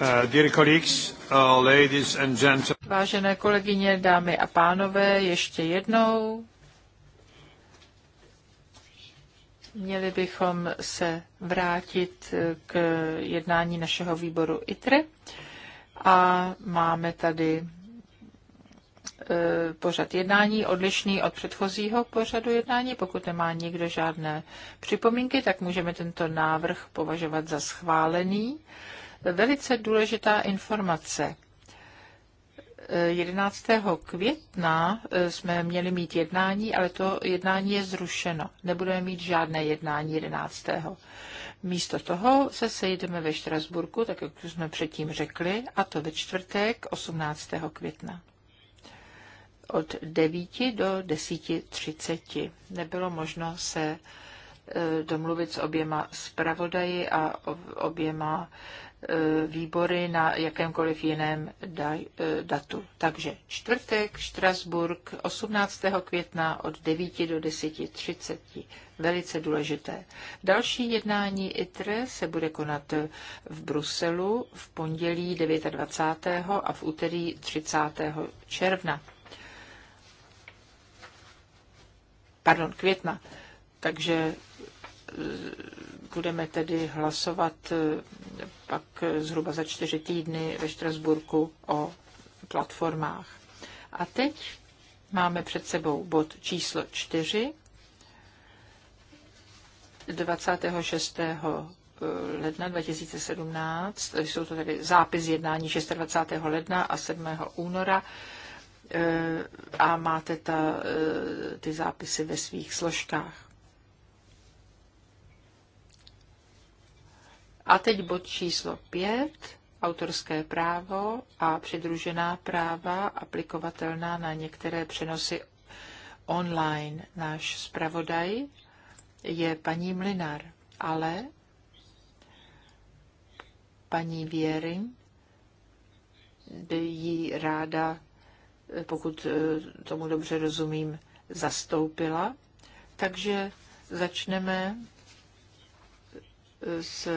Uh, uh, Vážené kolegyně, dámy a pánové, ještě jednou. Měli bychom se vrátit uh, k jednání našeho výboru ITRE a máme tady pořad jednání odlišný od předchozího pořadu jednání. Pokud nemá nikdo žádné připomínky, tak můžeme tento návrh považovat za schválený velice důležitá informace. 11. května eh, jsme měli mít jednání, ale to jednání je zrušeno. Nebudeme mít žádné jednání 11. Místo toho se sejdeme ve Štrasburku, tak jak jsme předtím řekli, a to ve čtvrtek 18. května. Od 9 do 10.30 nebylo možno se eh, domluvit s oběma zpravodaji a oběma E, výbory na jakémkoliv jiném e, datu. Takže čtvrtek, Štrasburg, 18. května od 9 do 10.30. Velice důležité. Další jednání ITRE se bude konat v Bruselu v pondělí 29. a v úterý 30. června. Pardon, května. Takže e, Budeme tedy hlasovat eh, pak zhruba za čtyři týdny ve Štrasburku o platformách. A teď máme před sebou bod číslo čtyři. 26. Eh, ledna 2017, eh, jsou to tedy zápis jednání 26. ledna a 7. února a máte ta, ty zápisy ve svých složkách. A teď bod číslo 5, autorské právo a přidružená práva aplikovatelná na některé přenosy online. Náš zpravodaj je paní Mlinar, ale paní Věry ji jí ráda, pokud eh, tomu dobře rozumím, zastoupila. Takže začneme s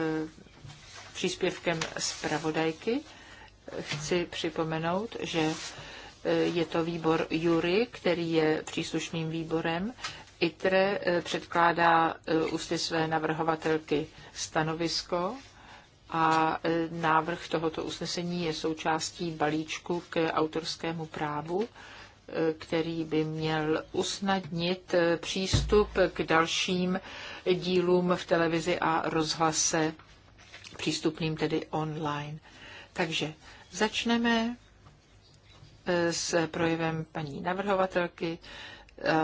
příspěvkem zpravodajky. Chci připomenout, že e, je to výbor Jury, který je příslušným výborem. ITRE e, předkládá e, ústy své navrhovatelky stanovisko a návrh tohoto usnesení je součástí balíčku k autorskému právu, který by měl usnadnit přístup k dalším dílům v televizi a rozhlase přístupným tedy online. Takže začneme eh, s projevem paní navrhovatelky. Eh,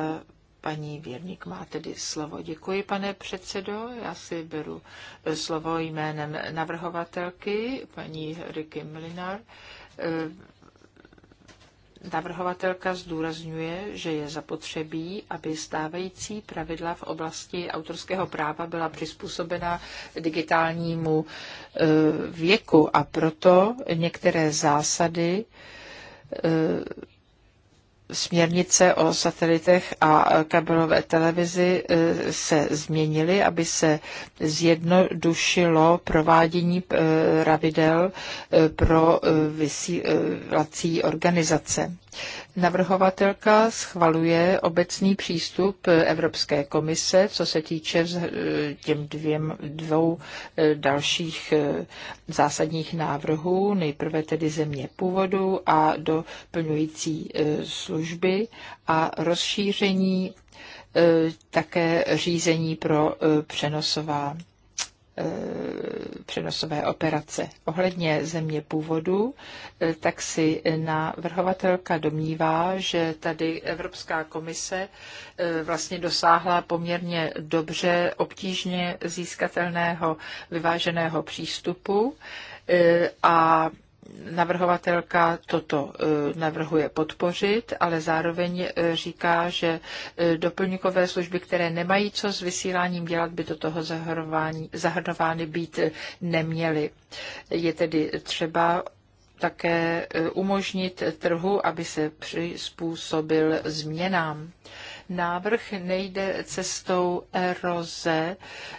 paní Věrník má tedy slovo. Děkuji, pane předsedo. Já si beru eh, slovo jménem navrhovatelky, paní Riky Mlinar Navrhovatelka zdůrazňuje, že je zapotřebí, aby stávající pravidla v oblasti autorského práva byla přizpůsobena digitálnímu e, věku a proto některé zásady e, směrnice o satelitech a kabelové televizi eh, se změnily, aby se zjednodušilo provádění eh, pravidel eh, pro vysílací organizace. Navrhovatelka schvaluje obecný přístup Evropské komise, co se týče těm dvěm, dvou e, dalších e, zásadních návrhů, nejprve tedy země původu a doplňující e, služby a rozšíření také řízení pro přenosová Eh, přenosové operace. Ohledně země původu, eh, tak si navrhovatelka domnívá, že tady Evropská komise eh, vlastně dosáhla poměrně dobře obtížně získatelného vyváženého přístupu a navrhovatelka toto e, navrhuje podpořit, ale zároveň e, říká, že e, doplňkové služby, které nemají co s vysíláním dělat, by do toho zahrnovány být neměly. Je tedy třeba také umožnit trhu, aby se přizpůsobil změnám návrh nejde cestou eroze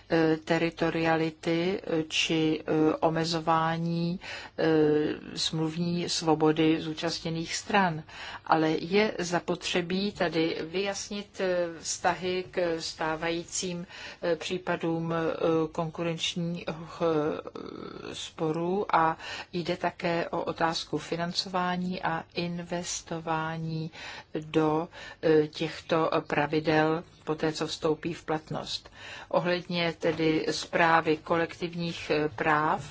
e, teritoriality e, či e, omezování smluvní svobody zúčastněných stran, ale je zapotřebí tady vyjasnit vztahy k stávajícím případům konkurenčních sporů a jde také o otázku financování a investování do těchto pravidel po té, co vstoupí v platnost. Ohledně tedy zprávy kolektivních eh, práv,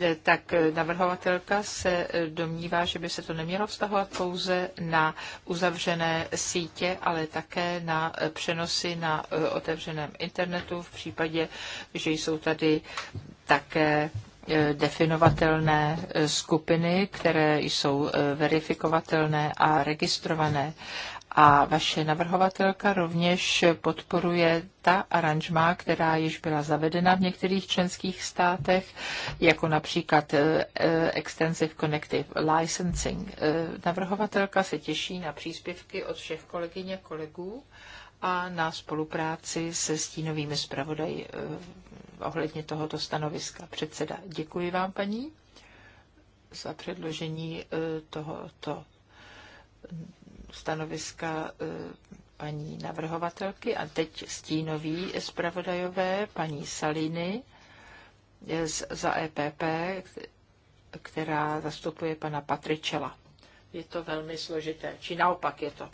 eh, tak eh, navrhovatelka se domnívá, že by se to nemělo vztahovat pouze na uzavřené sítě, ale také na přenosy na otevřeném internetu v případě, že jsou tady také definovatelné skupiny, které jsou verifikovatelné a registrované a vaše navrhovatelka rovněž podporuje ta aranžma, která již byla zavedena v některých členských státech, jako například eh, Extensive Connective Licensing. Eh, navrhovatelka se těší na příspěvky od všech kolegyň a kolegů a na spolupráci se stínovými zpravodaji eh, ohledně tohoto stanoviska. Předseda, děkuji vám, paní, za předložení tohoto stanoviska eh, paní navrhovatelky a teď stínoví zpravodajové paní Saliny eh, z, za EPP, která zastupuje pana Patričela. Je to velmi složité, či naopak je to.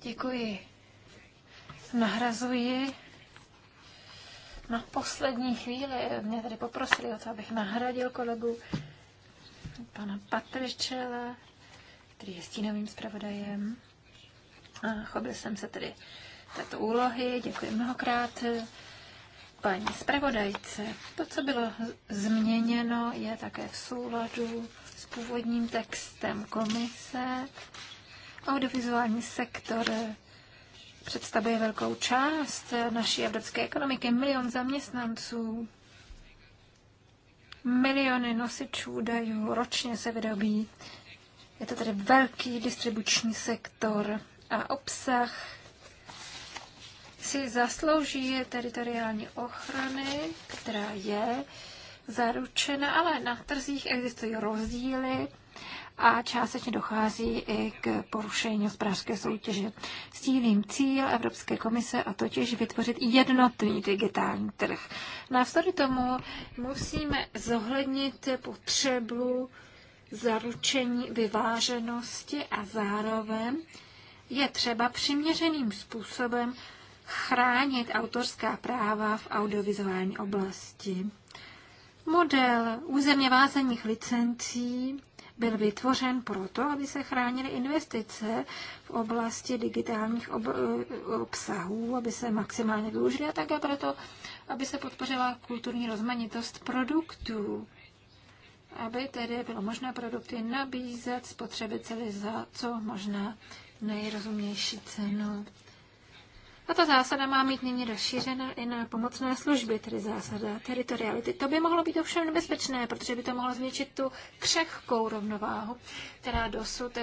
Děkuji. Nahrazuji na poslední chvíli. Mě tady poprosili o to, abych nahradil kolegu pana Patričela který je stínovým zpravodajem. A chobil jsem se tedy této úlohy. Děkuji mnohokrát eh, paní zpravodajce. To, co bylo změněno, je také v souladu s původním textem komise. Audiovizuální sektor eh, představuje velkou část eh, naší evropské ekonomiky, milion zaměstnanců, miliony nosičů údajů ročně se vyrobí je to tady velký distribuční sektor a obsah si zaslouží teritoriální ochrany, která je zaručena, ale na trzích existují rozdíly a částečně dochází i k porušení hospodářské soutěže. tím cíl Evropské komise a totiž vytvořit jednotný digitální trh. Navzdory tomu musíme zohlednit potřebu zaručení vyváženosti a zároveň je třeba přiměřeným způsobem chránit autorská práva v audiovizuální oblasti. Model územně vázaných licencí byl vytvořen proto, aby se chránily investice v oblasti digitálních ob- eh, obsahů, aby se maximálně využily a také proto, aby se podpořila kulturní rozmanitost produktů aby tedy bylo možné produkty nabízet spotřebiteli za co možná nejrozumější cenu. Tato zásada má mít nyní rozšířena i na pomocné služby, tedy zásada teritoriality. To by mohlo být ovšem nebezpečné, protože by to mohlo zvětšit tu křehkou rovnováhu, která dosud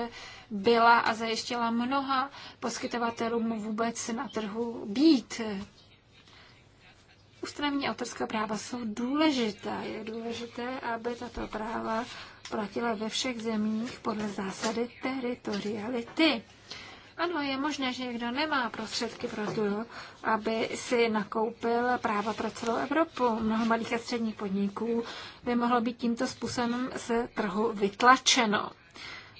byla a zajištěla mnoha poskytovatelům vůbec na trhu být ustanovení autorského práva jsou důležité. Je důležité, aby tato práva platila ve všech zemích podle zásady teritoriality. Ano, je možné, že někdo nemá prostředky pro to, aby si nakoupil práva pro celou Evropu. Mnoho malých a středních podniků by mohlo být tímto způsobem z trhu vytlačeno.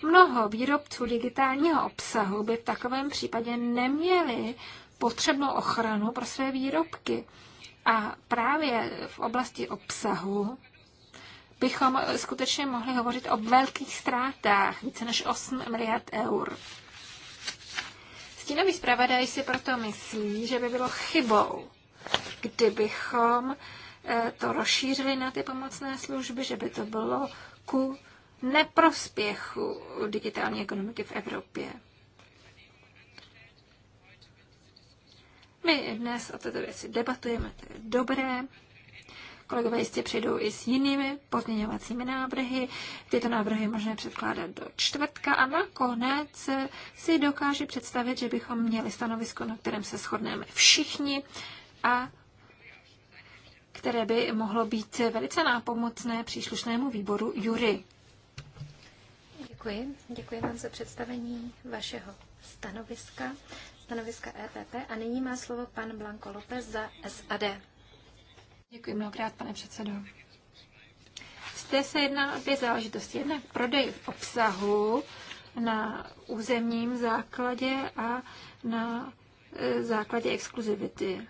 Mnoho výrobců digitálního obsahu by v takovém případě neměli potřebnou ochranu pro své výrobky. A právě v oblasti obsahu bychom skutečně mohli hovořit o velkých ztrátách, více než 8 miliard eur. Stínový zpravodaj si proto myslí, že by bylo chybou, kdybychom eh, to rozšířili na ty pomocné služby, že by to bylo ku neprospěchu digitální ekonomiky v Evropě. My dnes o této věci debatujeme, to je dobré. Kolegové jistě přijdou i s jinými pozměňovacími návrhy. Tyto návrhy možné předkládat do čtvrtka a nakonec si dokáže představit, že bychom měli stanovisko, na kterém se shodneme všichni a které by mohlo být velice nápomocné příslušnému výboru Jury. Děkuji. Děkuji vám za představení vašeho stanoviska stanoviska EPP a nyní má slovo pan Blanco López za SAD. Děkuji mnohokrát, pane předsedo. Zde se jedná o dvě záležitosti. Jednak prodej v obsahu na územním základě a na e, základě exkluzivity.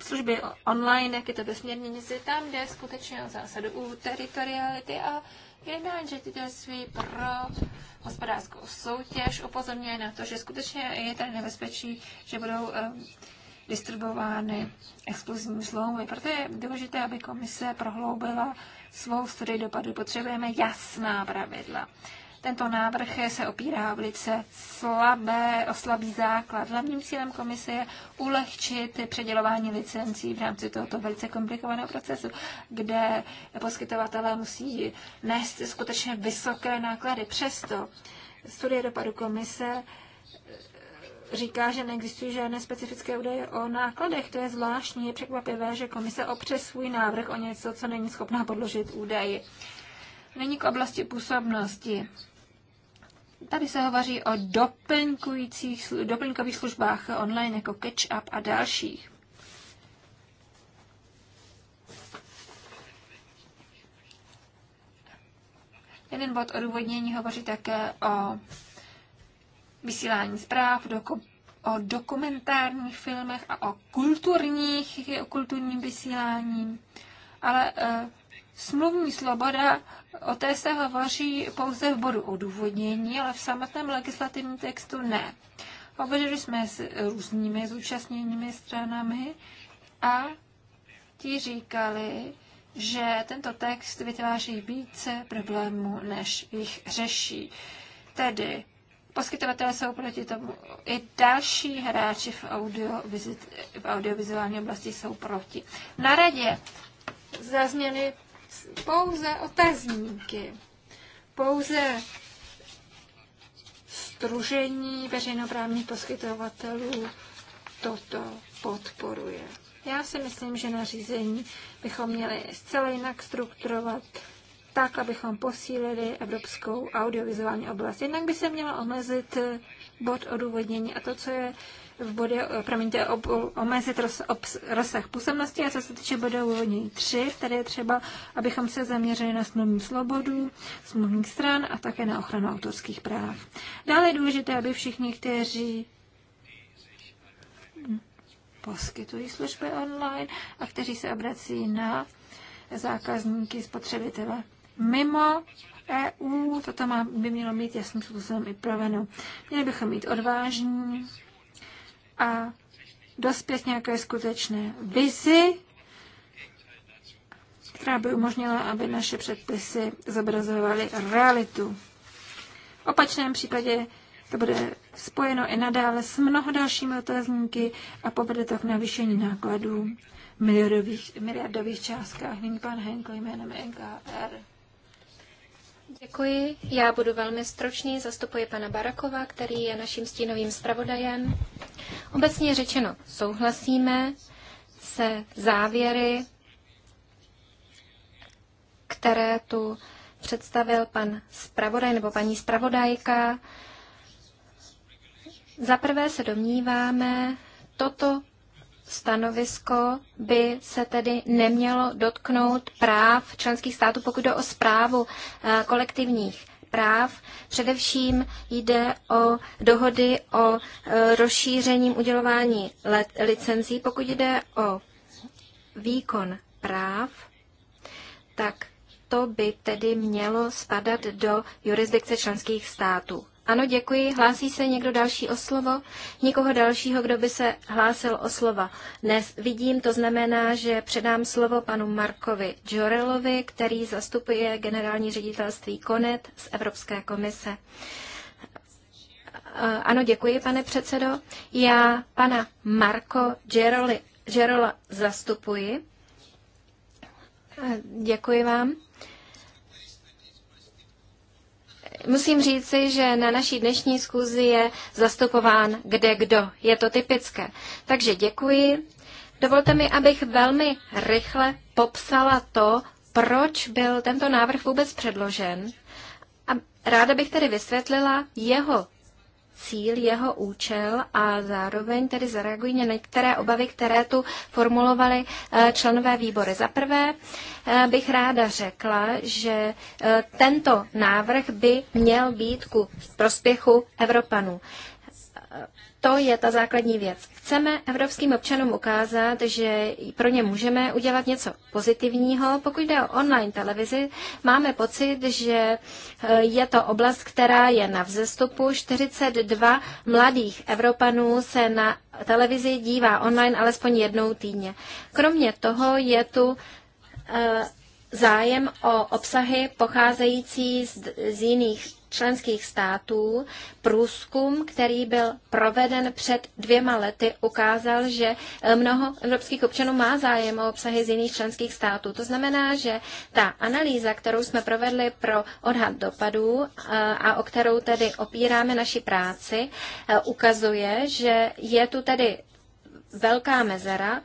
služby online, jak je to ve směrnici, tam jde skutečně o zásadu u teritoriality a Jednání ředitelství pro hospodářskou soutěž upozorňuje na to, že skutečně je tady nebezpečí, že budou um, distribuovány exkluzivní smlouvy. Proto je důležité, aby komise prohloubila svou studii dopadu. Potřebujeme jasná pravidla. Tento návrh se opírá o velice slabé, o slabý základ. Hlavním cílem komise je ulehčit předělování licencí v rámci tohoto velice komplikovaného procesu, kde poskytovatelé musí nést skutečně vysoké náklady. Přesto studie dopadu komise eh, říká, že neexistují žádné specifické údaje o nákladech. To je zvláštní, je překvapivé, že komise opře svůj návrh o něco, co není schopná podložit údaji. není k oblasti působnosti. Tady se hovoří o doplňkujících, doplňkových službách online jako catch-up a dalších. Jeden bod odůvodnění hovoří také o vysílání zpráv, doko, o dokumentárních filmech a o kulturních, o kulturním vysílání. Ale eh, Smluvní sloboda, o té se hovoří pouze v bodu odůvodnění, ale v samotném legislativním textu ne. Hovořili jsme s různými zúčastněnými stranami a ti říkali, že tento text vytváří více problémů, než jich řeší. Tedy poskytovatelé jsou proti tomu, i další hráči v, audio, v audiovizuální oblasti jsou proti. Na radě zazněly pouze otazníky, pouze stružení veřejnoprávních poskytovatelů toto podporuje. Já si myslím, že nařízení bychom měli zcela jinak strukturovat, tak, abychom posílili evropskou audiovizuální oblast. Jinak by se měla omezit bod odůvodnění a to, co je v bodě, promiňte, ob, omezit roz, ob, rozsah působnosti a co se týče bodu odůvodnění 3, tady je třeba, abychom se zaměřili na smluvní slobodu, smluvních stran a také na ochranu autorských práv. Dále je důležité, aby všichni, kteří poskytují služby online a kteří se obrací na zákazníky, spotřebitele mimo EU. Toto má, by mělo mít být to způsobem i proveno. Měli bychom mít odvážní a dospět nějaké skutečné vizi, která by umožnila, aby naše předpisy zobrazovaly realitu. V opačném případě to bude spojeno i nadále s mnoho dalšími otázníky a povede to k navýšení nákladů v miliardových, miliardových částkách. Nyní pan Henko jménem NKR. Děkuji. Já budu velmi stročný. Zastupuji pana Barakova, který je naším stínovým zpravodajem. Obecně řečeno, souhlasíme se závěry, které tu představil pan zpravodaj nebo paní zpravodajka. Za prvé se domníváme, toto stanovisko by se tedy nemělo dotknout práv členských států, pokud jde o zprávu eh, kolektivních práv. Především jde o dohody o eh, rozšířením udělování licencí. Pokud jde o výkon práv, tak to by tedy mělo spadat do jurisdikce členských států. Ano, děkuji. Hlásí se někdo další o slovo? Nikoho dalšího, kdo by se hlásil o slova. Dnes vidím, to znamená, že předám slovo panu Markovi Džorelovi, který zastupuje generální ředitelství KONET z Evropské komise. Ano, děkuji, pane předsedo. Já pana Marko Džerola zastupuji. Děkuji vám. Musím říci, že na naší dnešní zkuzi je zastupován kde kdo. Je to typické. Takže děkuji. Dovolte mi, abych velmi rychle popsala to, proč byl tento návrh vůbec předložen. A ráda bych tedy vysvětlila jeho cíl, jeho účel a zároveň tedy zareagují na některé obavy, které tu formulovali eh, členové výbory. Za prvé eh, bych ráda řekla, že eh, tento návrh by měl být ku prospěchu Evropanů to je ta základní věc. Chceme evropským občanům ukázat, že pro ně můžeme udělat něco pozitivního. Pokud jde o online televizi, máme pocit, že eh, je to oblast, která je na vzestupu. 42 mladých Evropanů se na televizi dívá online alespoň jednou týdně. Kromě toho je tu eh, zájem o obsahy pocházející z, z jiných členských států průzkum, který byl proveden před dvěma lety, ukázal, že eh, mnoho evropských občanů má zájem o obsahy z jiných členských států. To znamená, že ta analýza, kterou jsme provedli pro odhad dopadů eh, a o kterou tedy opíráme naši práci, eh, ukazuje, že je tu tedy velká mezera,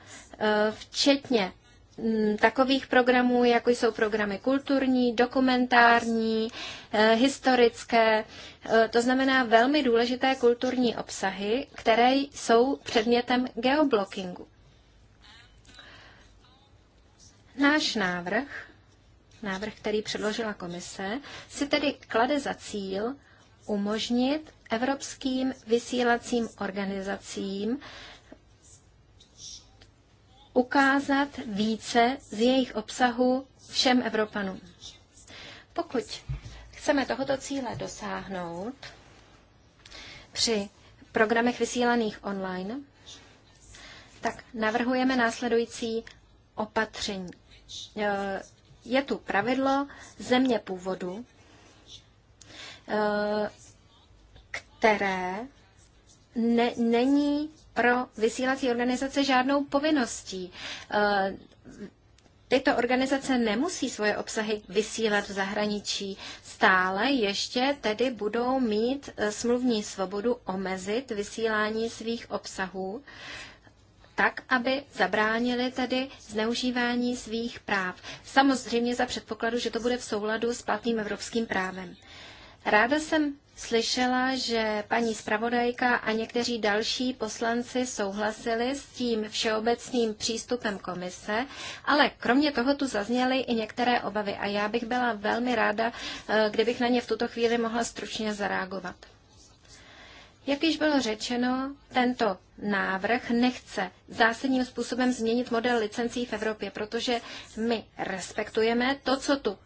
včetně Mm, takových programů, jako jsou programy kulturní, dokumentární, eh, historické, eh, to znamená velmi důležité kulturní obsahy, které jsou předmětem geoblockingu. Náš návrh, návrh, který předložila komise, si tedy klade za cíl umožnit evropským vysílacím organizacím ukázat více z jejich obsahu všem Evropanům. Pokud chceme tohoto cíle dosáhnout při programech vysílaných online, tak navrhujeme následující opatření. E, je tu pravidlo země původu, e, které ne, není pro vysílací organizace žádnou povinností. Eh, tyto organizace nemusí svoje obsahy vysílat v zahraničí. Stále ještě tedy budou mít eh, smluvní svobodu omezit vysílání svých obsahů tak, aby zabránili tedy zneužívání svých práv. Samozřejmě za předpokladu, že to bude v souladu s platným evropským právem. Ráda jsem slyšela, že paní zpravodajka a někteří další poslanci souhlasili s tím všeobecným přístupem komise, ale kromě toho tu zazněly i některé obavy a já bych byla velmi ráda, eh, kdybych na ně v tuto chvíli mohla stručně zareagovat. Jak již bylo řečeno, tento návrh nechce zásadním způsobem změnit model licencí v Evropě, protože my respektujeme to, co tu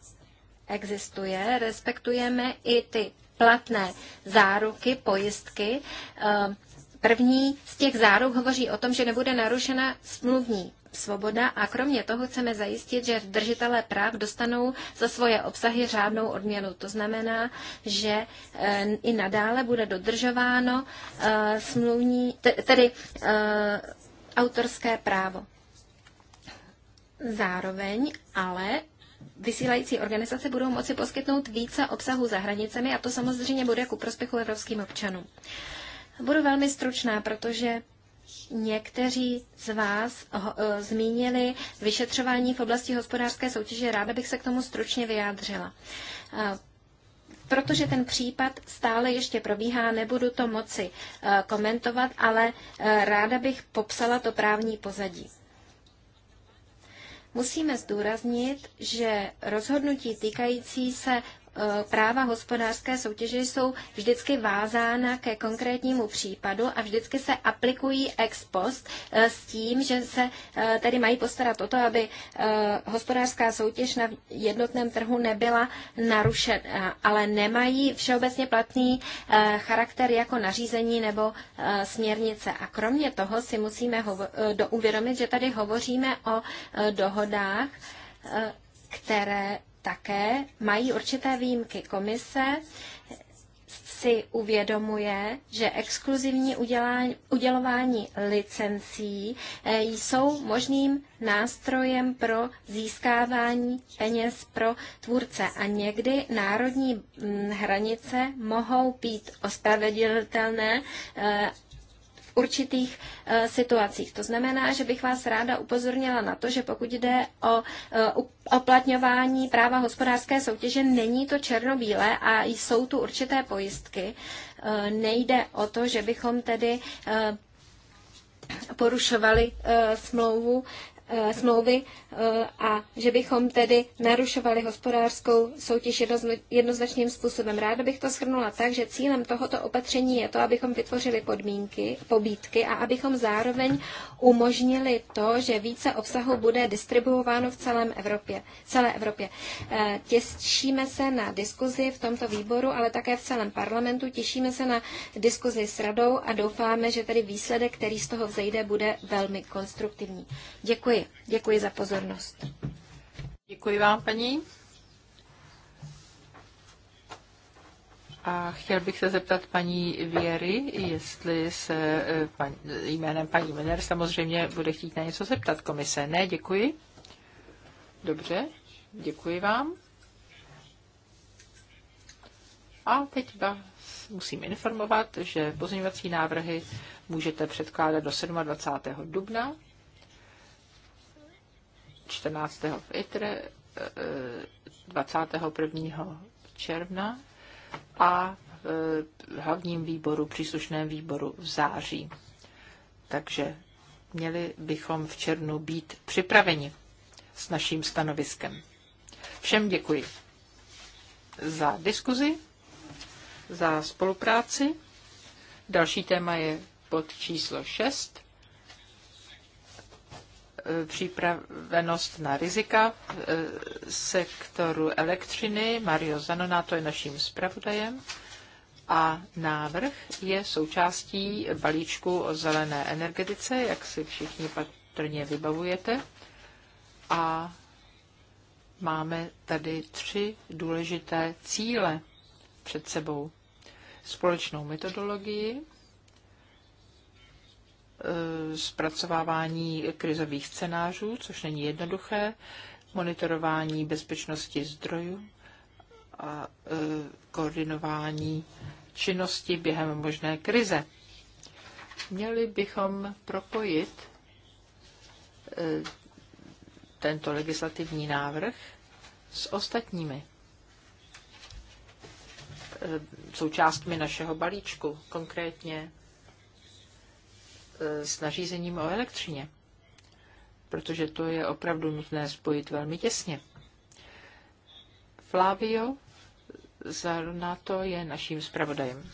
existuje, respektujeme i ty platné záruky, pojistky. Ehm, první z těch záruk hovoří o tom, že nebude narušena smluvní svoboda a kromě toho chceme zajistit, že držitelé práv dostanou za svoje obsahy řádnou odměnu. To znamená, že eh, i nadále bude dodržováno eh, smluvní, tedy eh, autorské právo. Zároveň ale vysílající organizace budou moci poskytnout více obsahu za hranicemi a to samozřejmě bude ku prospěchu evropským občanům. Budu velmi stručná, protože někteří z vás e, zmínili vyšetřování v oblasti hospodářské soutěže. Ráda bych se k tomu stručně vyjádřila. E, protože ten případ stále ještě probíhá, nebudu to moci e, komentovat, ale ráda bych popsala to právní pozadí. Musíme zdůraznit, že rozhodnutí týkající se E, práva hospodářské soutěže jsou vždycky vázána ke konkrétnímu případu a vždycky se aplikují ex post e, s tím, že se e, tedy mají postarat o to, aby hospodářská soutěž na jednotném trhu nebyla narušena, ale nemají všeobecně platný charakter jako nařízení nebo směrnice. A kromě toho si musíme uvědomit, že tady hovoříme o dohodách, které také mají určité výjimky. Komise si uvědomuje, že exkluzivní udělání, udělování licencí eh, jsou možným nástrojem pro získávání peněz pro tvůrce a někdy národní mm, hranice mohou být ospravedlitelné eh, určitých eh, situacích. To znamená, že bych vás ráda upozornila na to, že pokud jde o eh, oplatňování práva hospodářské soutěže, není to černobílé a jsou tu určité pojistky. Eh, nejde o to, že bychom tedy porušovali smlouvu Eh, smlouvy eh, a že bychom tedy narušovali hospodářskou soutěž jednoznačným způsobem. Ráda bych to shrnula tak, že cílem tohoto opatření je to, abychom vytvořili podmínky, pobídky a abychom zároveň umožnili to, že více obsahu bude distribuováno v celém Evropě, celé Evropě. Eh, těšíme se na diskuzi v tomto výboru, ale také v celém parlamentu. Těšíme se na diskuzi s radou a doufáme, že tedy výsledek, který z toho vzejde, bude velmi konstruktivní. Děkuji. Děkuji. Děkuji za pozornost. Děkuji vám, paní. A chtěl bych se zeptat paní Věry, jestli se eh, pan, jménem paní Miner samozřejmě bude chtít na něco zeptat komise. Ne, děkuji. Dobře, děkuji vám. A teď vás musím informovat, že pozměňovací návrhy můžete předkládat do 27. dubna 14. v 21. Eh, června a v eh, hlavním výboru, příslušném výboru v září. Takže měli bychom v červnu být připraveni s naším stanoviskem. Všem děkuji za diskuzi, za spolupráci. Další téma je pod číslo 6 připravenost na rizika v sektoru elektřiny. Mario Zanoná to je naším zpravodajem a návrh je součástí balíčku o zelené energetice, jak si všichni patrně vybavujete. A máme tady tři důležité cíle před sebou. Společnou metodologii, Eh, zpracovávání krizových scénářů, což není jednoduché, monitorování bezpečnosti zdrojů a eh, koordinování činnosti během možné krize. Měli bychom propojit eh, tento legislativní návrh s ostatními součástmi našeho balíčku, konkrétně Eh, s nařízením o elektřině, protože to je opravdu nutné spojit velmi těsně. Flavio Zarnato je naším zpravodajem.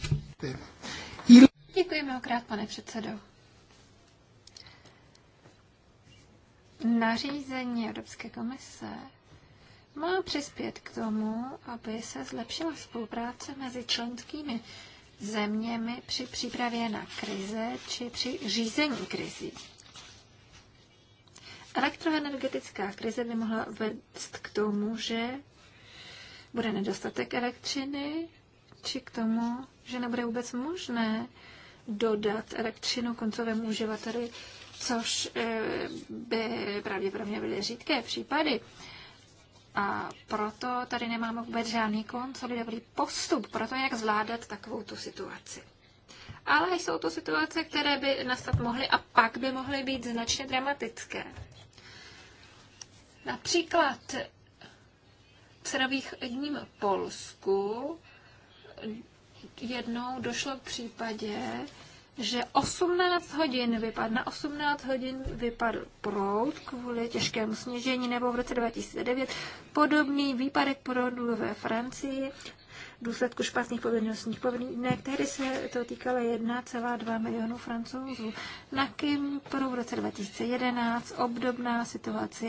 Děkuji mnohokrát, pane předsedo. Nařízení Evropské komise má přispět k tomu, aby se zlepšila spolupráce mezi členskými zeměmi při přípravě na krize či při řízení krizí. Elektroenergetická krize by mohla vést k tomu, že bude nedostatek elektřiny, či k tomu, že nebude vůbec možné dodat elektřinu koncovému uživateli, což eh, by pravděpodobně byly řídké případy. A proto tady nemáme vůbec žádný konsolidovaný postup pro to, jak zvládat takovou tu situaci. Ale jsou to situace, které by nastat mohly a pak by mohly být značně dramatické. Například v cenových dním Polsku jednou došlo k případě, že 18 hodin vypadl, na 18 hodin vypadl proud kvůli těžkému sněžení, nebo v roce 2009 podobný výpadek proudu ve Francii v důsledku špatných povinnostních podmínek. Tehdy se to týkalo 1,2 milionu francouzů. Na pro v roce 2011 obdobná situace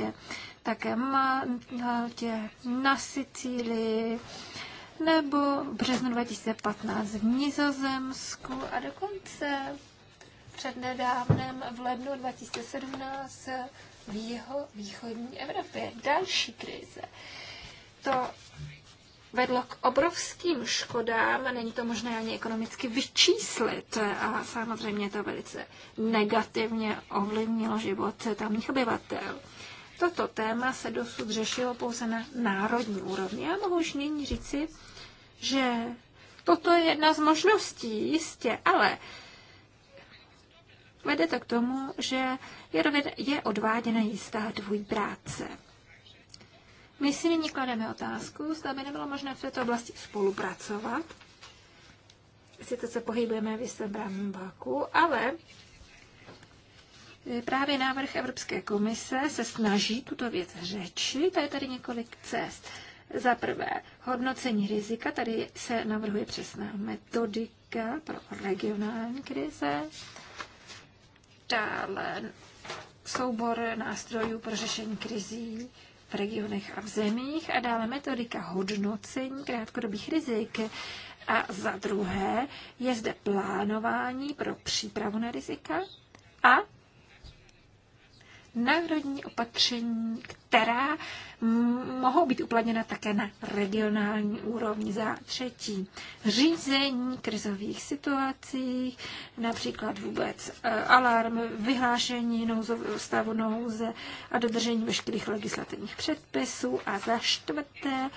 také Maltě, na Sicílii, nebo v březnu 2015 v Nizozemsku a dokonce před nedávnem v lednu 2017 v jeho východní Evropě. Další krize. To vedlo k obrovským škodám a není to možné ani ekonomicky vyčíslit a samozřejmě to velice negativně ovlivnilo život tamních obyvatel. Toto téma se dosud řešilo pouze na národní úrovni. Já mohu už nyní říci, že toto je jedna z možností, jistě, ale vede to k tomu, že je odváděna jistá dvojí práce. My si nyní klademe otázku, zda by nebylo možné v této oblasti spolupracovat. Sice se pohybujeme v jistém právním váku, ale právě návrh Evropské komise se snaží tuto věc řečit. tady je tady několik cest. Za prvé, hodnocení rizika, tady se navrhuje přesná metodika pro regionální krize. Dále soubor nástrojů pro řešení krizí v regionech a v zemích a dále metodika hodnocení krátkodobých rizik. A za druhé je zde plánování pro přípravu na rizika a národní opatření, která mohou být uplatněna také na regionální úrovni. Za třetí, řízení krizových situací, například vůbec e, alarm, vyhlášení nouzového stavu nouze a dodržení veškerých legislativních předpisů. A za čtvrté,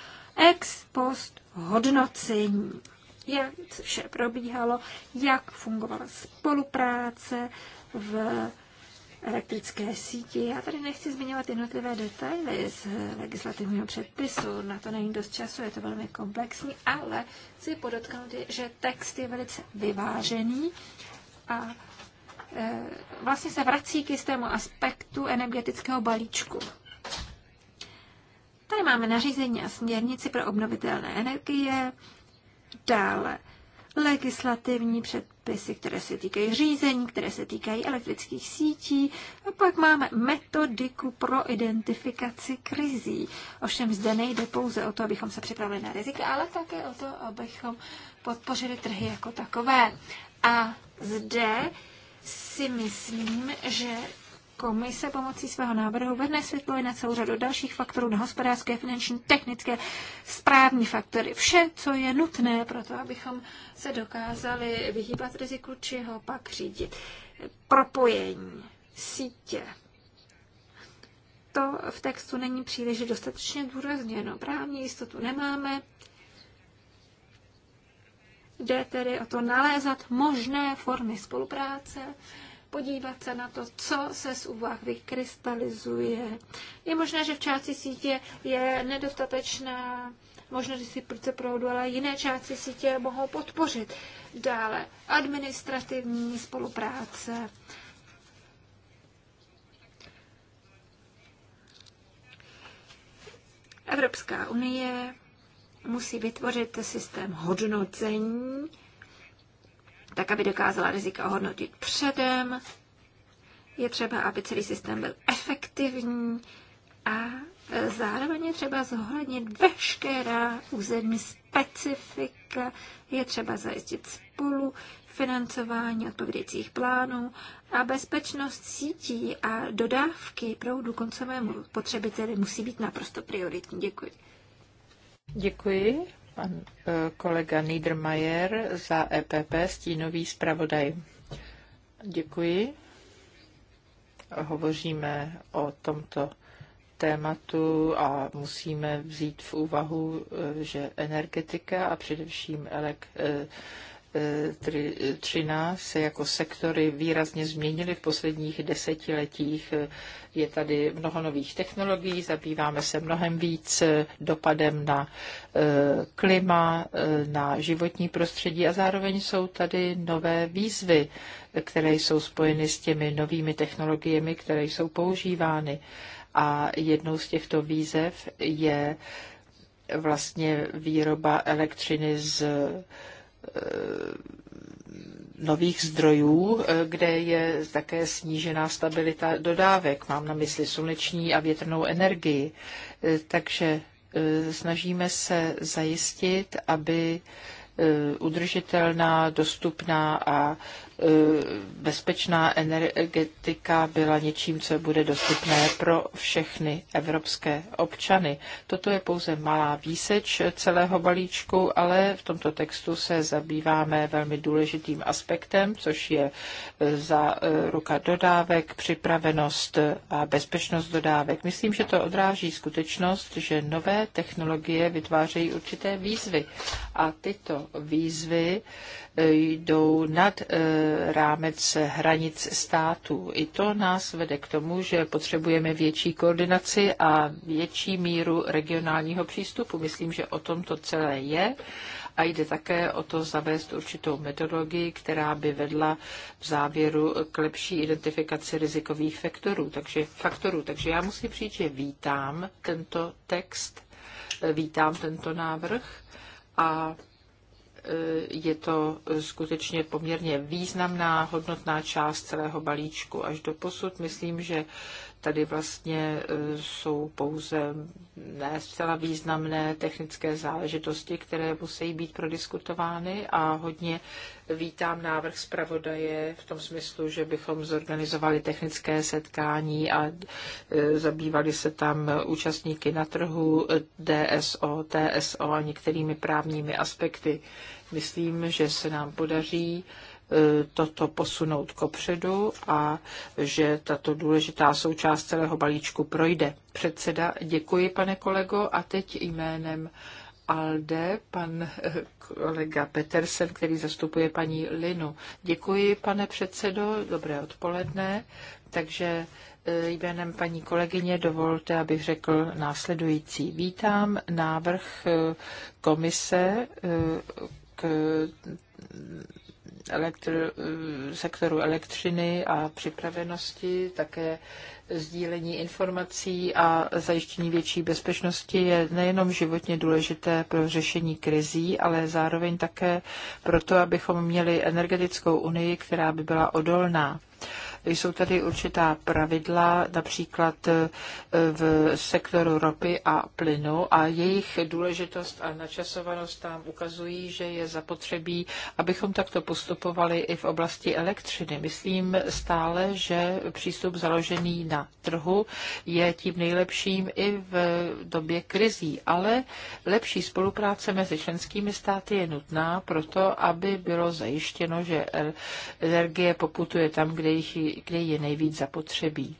ex post hodnocení jak vše probíhalo, jak fungovala spolupráce v elektrické síti. Já tady nechci zmiňovat jednotlivé detaily z legislativního předpisu, na to není dost času, je to velmi komplexní, ale chci podotknout, že text je velice vyvážený a e, vlastně se vrací k jistému aspektu energetického balíčku. Tady máme nařízení a směrnici pro obnovitelné energie, dále legislativní předpisy, které se týkají řízení, které se týkají elektrických sítí a pak máme metodiku pro identifikaci krizí. Ovšem zde nejde pouze o to, abychom se připravili na rizika, ale také o to, abychom podpořili trhy jako takové. A zde si myslím, že komise pomocí svého návrhu vrhne světlo i na celou řadu dalších faktorů, na hospodářské, finanční, technické, správní faktory. Vše, co je nutné pro to, abychom se dokázali vyhýbat riziku, či ho pak řídit. Propojení, sítě, to v textu není příliš dostatečně důrazněno. Právní jistotu nemáme. Jde tedy o to nalézat možné formy spolupráce podívat se na to, co se z úvah vykrystalizuje. Je možné, že v části sítě je nedostatečná možnost distribuce proudu, ale jiné části sítě mohou podpořit. Dále administrativní spolupráce. Evropská unie musí vytvořit systém hodnocení tak aby dokázala rizika ohodnotit předem. Je třeba, aby celý systém byl efektivní a zároveň je třeba zohlednit veškerá územní specifika, je třeba zajistit spolu financování odpovědějících plánů a bezpečnost sítí a dodávky proudu koncovému potřebiteli musí být naprosto prioritní. Děkuji. Děkuji. Pan eh, kolega Niedermayer za EPP, stínový zpravodaj. Děkuji. Hovoříme o tomto tématu a musíme vzít v úvahu, eh, že energetika a především elek, eh, 2013 se jako sektory výrazně změnily v posledních desetiletích. Je tady mnoho nových technologií, zabýváme se mnohem víc dopadem na eh, klima, eh, na životní prostředí a zároveň jsou tady nové výzvy, které jsou spojeny s těmi novými technologiemi, které jsou používány. A jednou z těchto výzev je vlastně výroba elektřiny z Eh, nových zdrojů, eh, kde je také snížená stabilita dodávek. Mám na mysli sluneční a větrnou energii. Eh, takže snažíme se zajistit, aby udržitelná, dostupná a Eh, bezpečná energetika byla něčím, co bude dostupné pro všechny evropské občany. Toto je pouze malá výseč celého balíčku, ale v tomto textu se zabýváme velmi důležitým aspektem, což je eh, za ruka dodávek, připravenost a bezpečnost dodávek. Myslím, že to odráží skutečnost, že nové technologie vytvářejí určité výzvy a tyto výzvy eh, jdou nad rámec hranic států. I to nás vede k tomu, že potřebujeme větší koordinaci a větší míru regionálního přístupu. Myslím, že o tom to celé je a jde také o to zavést určitou metodologii, která by vedla v závěru k lepší identifikaci rizikových faktorů. Takže, faktorů. Takže já musím říct, že vítám tento text, vítám tento návrh a Eh, je to eh, skutečně poměrně významná hodnotná část celého balíčku. Až do posud myslím, že tady vlastně e, jsou pouze ne zcela významné technické záležitosti, které musí být prodiskutovány a hodně vítám návrh zpravodaje v tom smyslu, že bychom zorganizovali technické setkání a e, zabývali se tam účastníky na trhu DSO, TSO a některými právními aspekty. Myslím, že se nám podaří Eh, toto posunout kopředu a že tato důležitá součást celého balíčku projde. Předseda, děkuji, pane kolego, a teď jménem Alde, pan eh, kolega Petersen, který zastupuje paní Linu. Děkuji, pane předsedo, dobré odpoledne. Takže eh, jménem paní kolegyně dovolte, abych řekl následující. Vítám návrh komise k elektr, sektoru elektřiny a připravenosti, také sdílení informací a zajištění větší bezpečnosti je nejenom životně důležité pro řešení krizí, ale zároveň také proto, abychom měli energetickou unii, která by byla odolná. Jsou tady určitá pravidla, například e, v sektoru ropy a plynu a jejich důležitost a načasovanost tam ukazují, že je zapotřebí, abychom takto postupovali i v oblasti elektřiny. Myslím stále, že přístup založený na trhu je tím nejlepším i v době krizí, ale lepší spolupráce mezi členskými státy je nutná proto, aby bylo zajištěno, že energie poputuje tam, kde jich kde je nejvíc zapotřebí.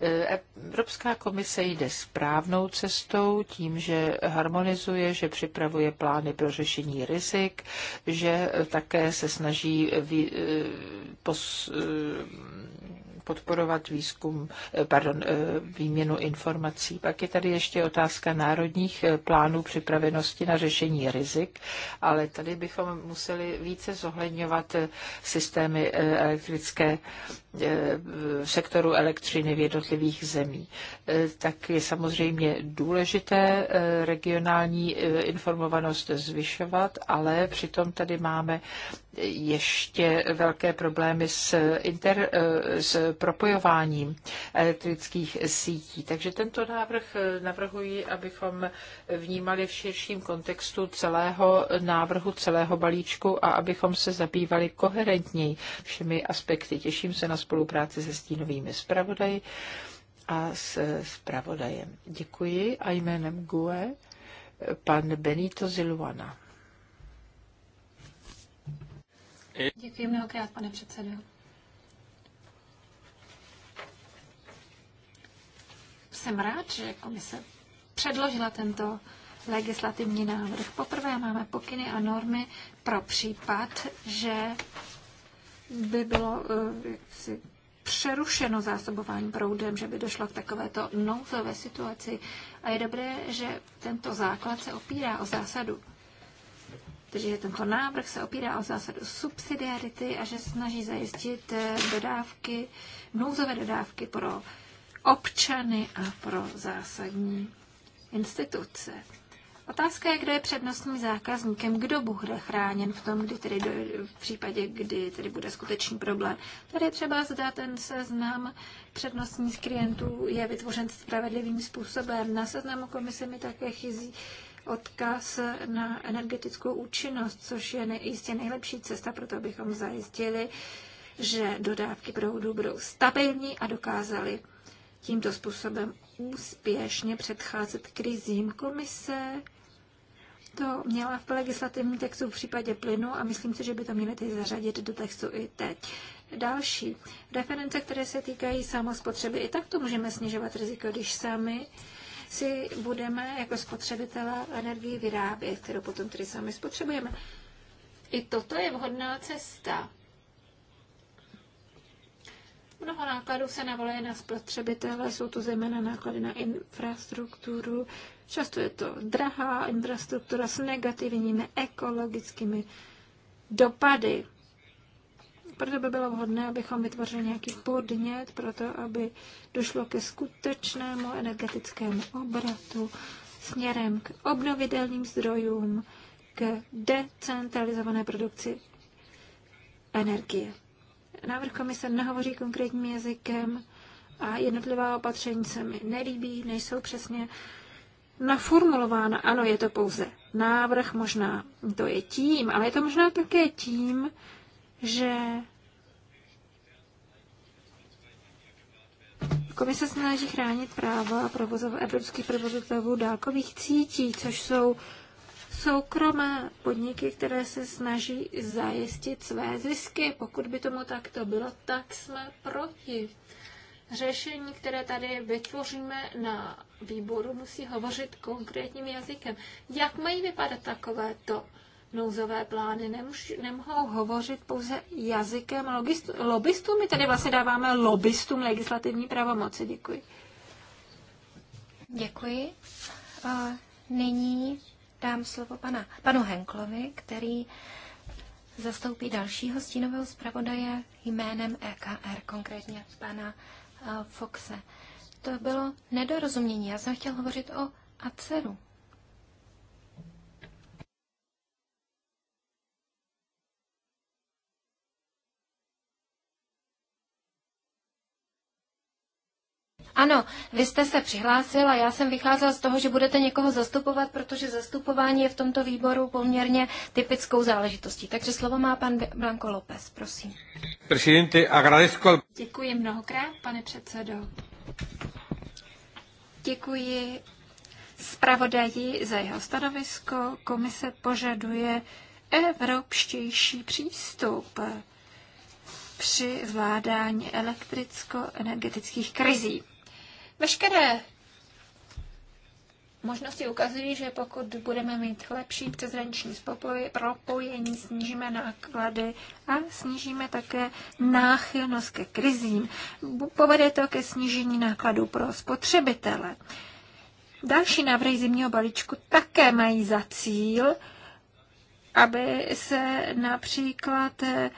E, Evropská komise jde správnou cestou tím, že harmonizuje, že připravuje plány pro řešení rizik, že také se snaží e, e, podporovat výzkum, eh, pardon, eh, výměnu informací. Pak je tady ještě otázka národních eh, plánů připravenosti na řešení rizik, ale tady bychom museli více zohledňovat systémy elektrické sektoru elektřiny v jednotlivých zemí. Tak je samozřejmě důležité regionální informovanost zvyšovat, ale přitom tady máme ještě velké problémy s, inter, s propojováním elektrických sítí. Takže tento návrh navrhuji, abychom vnímali v širším kontextu celého návrhu, celého balíčku a abychom se zabývali koherentněji všemi aspekty. Těším se na spolupráci se stínovými zpravodaji a s zpravodajem. Děkuji a jménem GUE pan Benito Ziluana. Děkuji mnohokrát, pane předsedo. jsem rád, že komise předložila tento legislativní návrh. Poprvé máme pokyny a normy pro případ, že by bylo eh, si přerušeno zásobování proudem, že by došlo k takovéto nouzové situaci. A je dobré, že tento základ se opírá o zásadu. Takže tento návrh se opírá o zásadu subsidiarity a že se snaží zajistit eh, dodávky, nouzové dodávky pro občany a pro zásadní instituce. Otázka je, kdo je přednostním zákazníkem, kdo bude chráněn v tom, kdy tedy do, v případě, kdy tedy bude skutečný problém. Tady třeba zda ten seznam přednostních klientů je vytvořen spravedlivým způsobem. Na seznamu komise mi také chyzí odkaz na energetickou účinnost, což je jistě nejlepší cesta pro to, abychom zajistili, že dodávky proudu budou stabilní a dokázali tímto způsobem úspěšně předcházet krizím. Komise to měla v legislativní textu v případě plynu a myslím si, že by to měli teď zařadit do textu i teď. Další reference, které se týkají samospotřeby, i tak to můžeme snižovat riziko, když sami si budeme jako spotřebitelé energii vyrábět, kterou potom tedy sami spotřebujeme. I toto je vhodná cesta. Mnoho nákladů se navoluje na spotřebitele, jsou to zejména náklady na infrastrukturu. Často je to drahá infrastruktura s negativními ekologickými dopady. Proto by bylo vhodné, abychom vytvořili nějaký podnět pro to, aby došlo ke skutečnému energetickému obratu směrem k obnovitelným zdrojům, k decentralizované produkci energie. Návrh komise nehovoří konkrétním jazykem a jednotlivá opatření se mi nelíbí, nejsou přesně naformulována. Ano, je to pouze návrh, možná to je tím, ale je to možná také tím, že Komise snaží chránit práva provozov, evropských provozovatelů dálkových cítí, což jsou soukromé podniky, které se snaží zajistit své zisky. Pokud by tomu takto bylo, tak jsme proti. Řešení, které tady vytvoříme na výboru, musí hovořit konkrétním jazykem. Jak mají vypadat takovéto nouzové plány? Nemůž nemohou hovořit pouze jazykem lobistů. my tady vlastně dáváme lobbystům legislativní pravomoci. Děkuji. Děkuji. A nyní dám slovo pana, panu Henklovi, který zastoupí dalšího stínového zpravodaje jménem EKR, konkrétně pana eh, Foxe. To bylo nedorozumění. Já jsem chtěl hovořit o ACERu. Ano, vy jste se přihlásil a já jsem vycházela z toho, že budete někoho zastupovat, protože zastupování je v tomto výboru poměrně typickou záležitostí. Takže slovo má pan Blanco López, prosím. Presidente, agradezco... Děkuji mnohokrát, pane předsedo. Děkuji zpravodaji za jeho stanovisko. Komise požaduje evropštější přístup při zvládání elektricko-energetických krizí. Veškeré možnosti ukazují, že pokud budeme mít lepší přezranční propojení, snížíme náklady a snížíme také náchylnost ke krizím. Povede to ke snížení nákladů pro spotřebitele. Další návrhy zimního balíčku také mají za cíl, aby se například eh,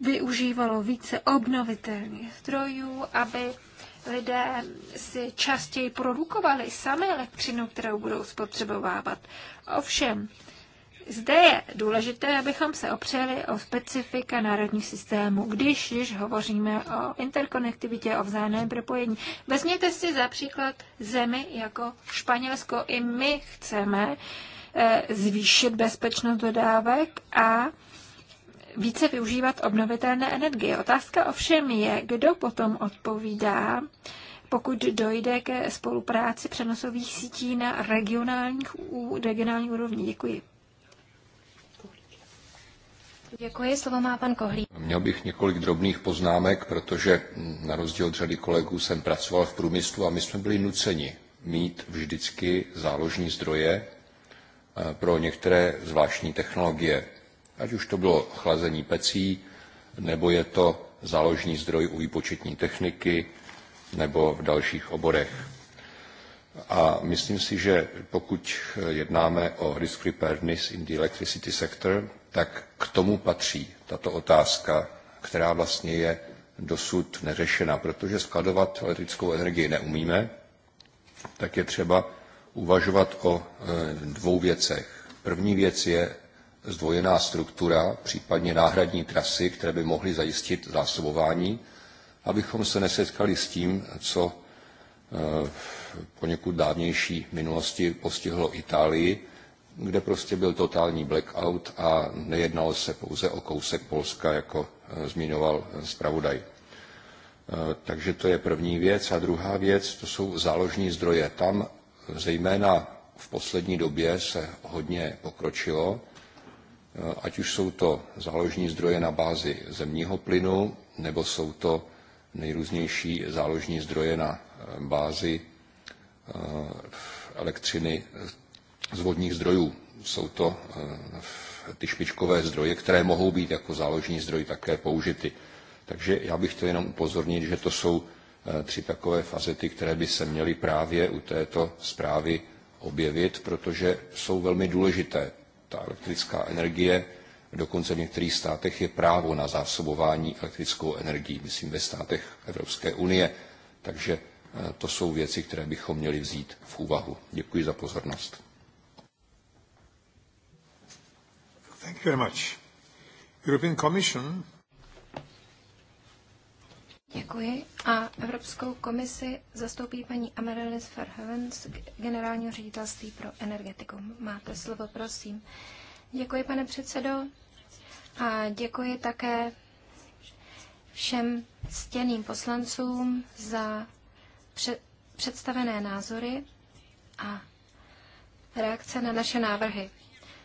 využívalo více obnovitelných zdrojů, aby lidé si častěji produkovali sami elektřinu, kterou budou spotřebovávat. Ovšem, zde je důležité, abychom se opřeli o specifika národních systémů, když již hovoříme o interkonektivitě, o vzájemném propojení. Vezměte si za příklad zemi jako Španělsko. I my chceme eh, zvýšit bezpečnost dodávek a více využívat obnovitelné energie. Otázka ovšem je, kdo potom odpovídá, pokud dojde ke spolupráci přenosových sítí na regionálních, regionální úrovni. Děkuji. Děkuji, slovo má pan Kohlík. Měl bych několik drobných poznámek, protože na rozdíl od řady kolegů jsem pracoval v průmyslu a my jsme byli nuceni mít vždycky záložní zdroje eh, pro některé zvláštní technologie. Ať už to bylo chlazení pecí, nebo je to záložní zdroj u výpočetní techniky, nebo v dalších oborech. A myslím si, že pokud jednáme o risk preparedness in the electricity sector, tak k tomu patří tato otázka, která vlastně je dosud neřešena, protože skladovat elektrickou energii neumíme, tak je třeba uvažovat o e, dvou věcech. První věc je zdvojená struktura, případně náhradní trasy, které by mohly zajistit zásobování, abychom se nesetkali s tím, co eh, poněkud dávnější minulosti postihlo Itálii, kde prostě byl totální blackout a nejednalo se pouze o kousek Polska, jako eh, zmiňoval eh, zpravodaj. Takže to je první věc. A druhá věc, to jsou záložní zdroje. Tam zejména v poslední době se hodně pokročilo. Eh, ať už jsou to záložní zdroje na bázi zemního plynu, nebo jsou to nejrůznější záložní zdroje na eh, bázi eh, elektřiny z vodních zdrojů. Jsou to ty špičkové zdroje, které mohou být jako záložní zdroj také použity. Takže já bych chtěl jenom upozornit, že to jsou tři takové fazety, které by se měly právě u této zprávy objevit, protože jsou velmi důležité ta elektrická energie dokonce v některých státech je právo na zásobování elektrickou energií, myslím ve státech Evropské unie. Takže eh, to jsou věci, které bychom měli vzít v úvahu. Děkuji za pozornost. Thank you very much. European Commission Děkuji. A Evropskou komisi zastoupí paní Amaryllis Verhoeven z Generálního ředitelství pro energetiku. Máte slovo, prosím. Děkuji, pane předsedo. A děkuji také všem stěným poslancům za představené názory a reakce na naše návrhy.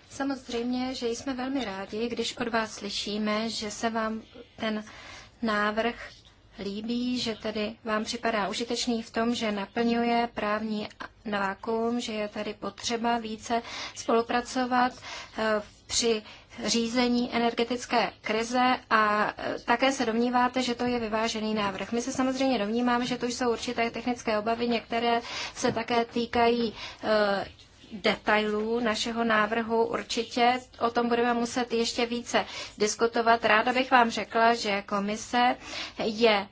Samozřejmě, že jsme velmi rádi, když od vás slyšíme, že se vám ten návrh líbí, že tedy vám připadá užitečný v tom, že naplňuje právní vákuum, že je tady potřeba více spolupracovat eh, při řízení energetické krize a eh, také se domníváte, že to je vyvážený návrh. My se samozřejmě domníváme, že tu jsou určité technické obavy, některé se také týkají eh, detailů našeho návrhu. Určitě o tom budeme muset ještě více diskutovat. Ráda bych vám řekla, že komise je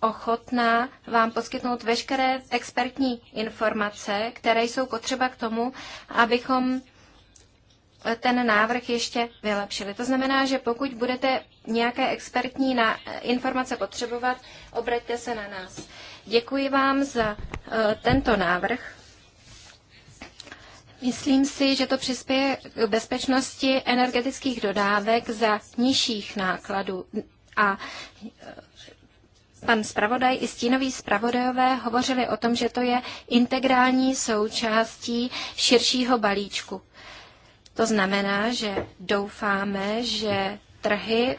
ochotná vám poskytnout veškeré expertní informace, které jsou potřeba k tomu, abychom ten návrh ještě vylepšili. To znamená, že pokud budete nějaké expertní na, informace potřebovat, obraťte se na nás. Děkuji vám za eh, tento návrh. Myslím si, že to přispěje k bezpečnosti energetických dodávek za nižších nákladů. A e, pan zpravodaj i stínoví zpravodajové hovořili o tom, že to je integrální součástí širšího balíčku. To znamená, že doufáme, že trhy e,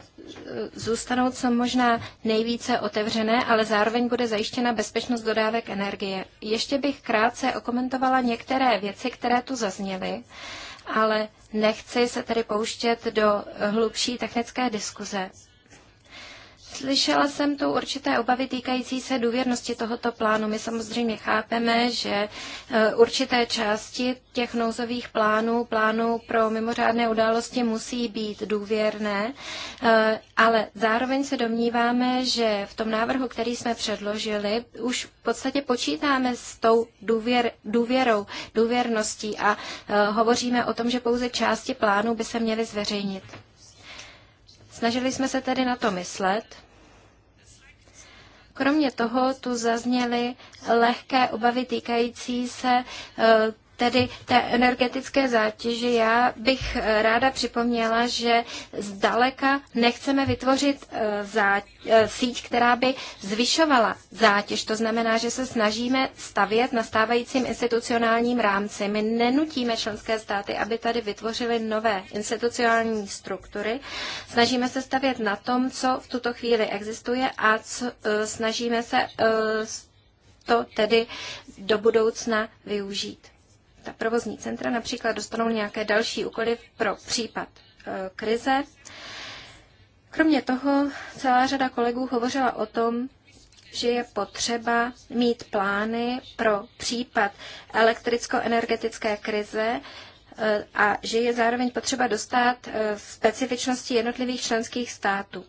zůstanou co možná nejvíce otevřené, ale zároveň bude zajištěna bezpečnost dodávek energie. Ještě bych krátce okomentovala některé věci, které tu zazněly, ale nechci se tedy pouštět do hlubší technické diskuze. Slyšela jsem tu určité obavy týkající se důvěrnosti tohoto plánu. My samozřejmě chápeme, že e, určité části těch nouzových plánů, plánů pro mimořádné události musí být důvěrné, e, ale zároveň se domníváme, že v tom návrhu, který jsme předložili, už v podstatě počítáme s tou důvěr, důvěrou, důvěrností a e, hovoříme o tom, že pouze části plánu by se měly zveřejnit. Snažili jsme se tedy na to myslet. Kromě toho tu zazněly lehké obavy týkající se eh, tedy té energetické zátěže. já bych eh, ráda připomněla, že zdaleka nechceme vytvořit eh, eh, síť, která by zvyšovala zátěž. To znamená, že se snažíme stavět na stávajícím institucionálním rámci. My nenutíme členské státy, aby tady vytvořili nové institucionální struktury. Snažíme se stavět na tom, co v tuto chvíli existuje a co, snažíme se to tedy do budoucna využít ta provozní centra například dostanou nějaké další úkoly pro případ e, krize. Kromě toho celá řada kolegů hovořila o tom, že je potřeba mít plány pro případ elektricko-energetické krize e, a že je zároveň potřeba dostat e, specifičnosti jednotlivých členských států.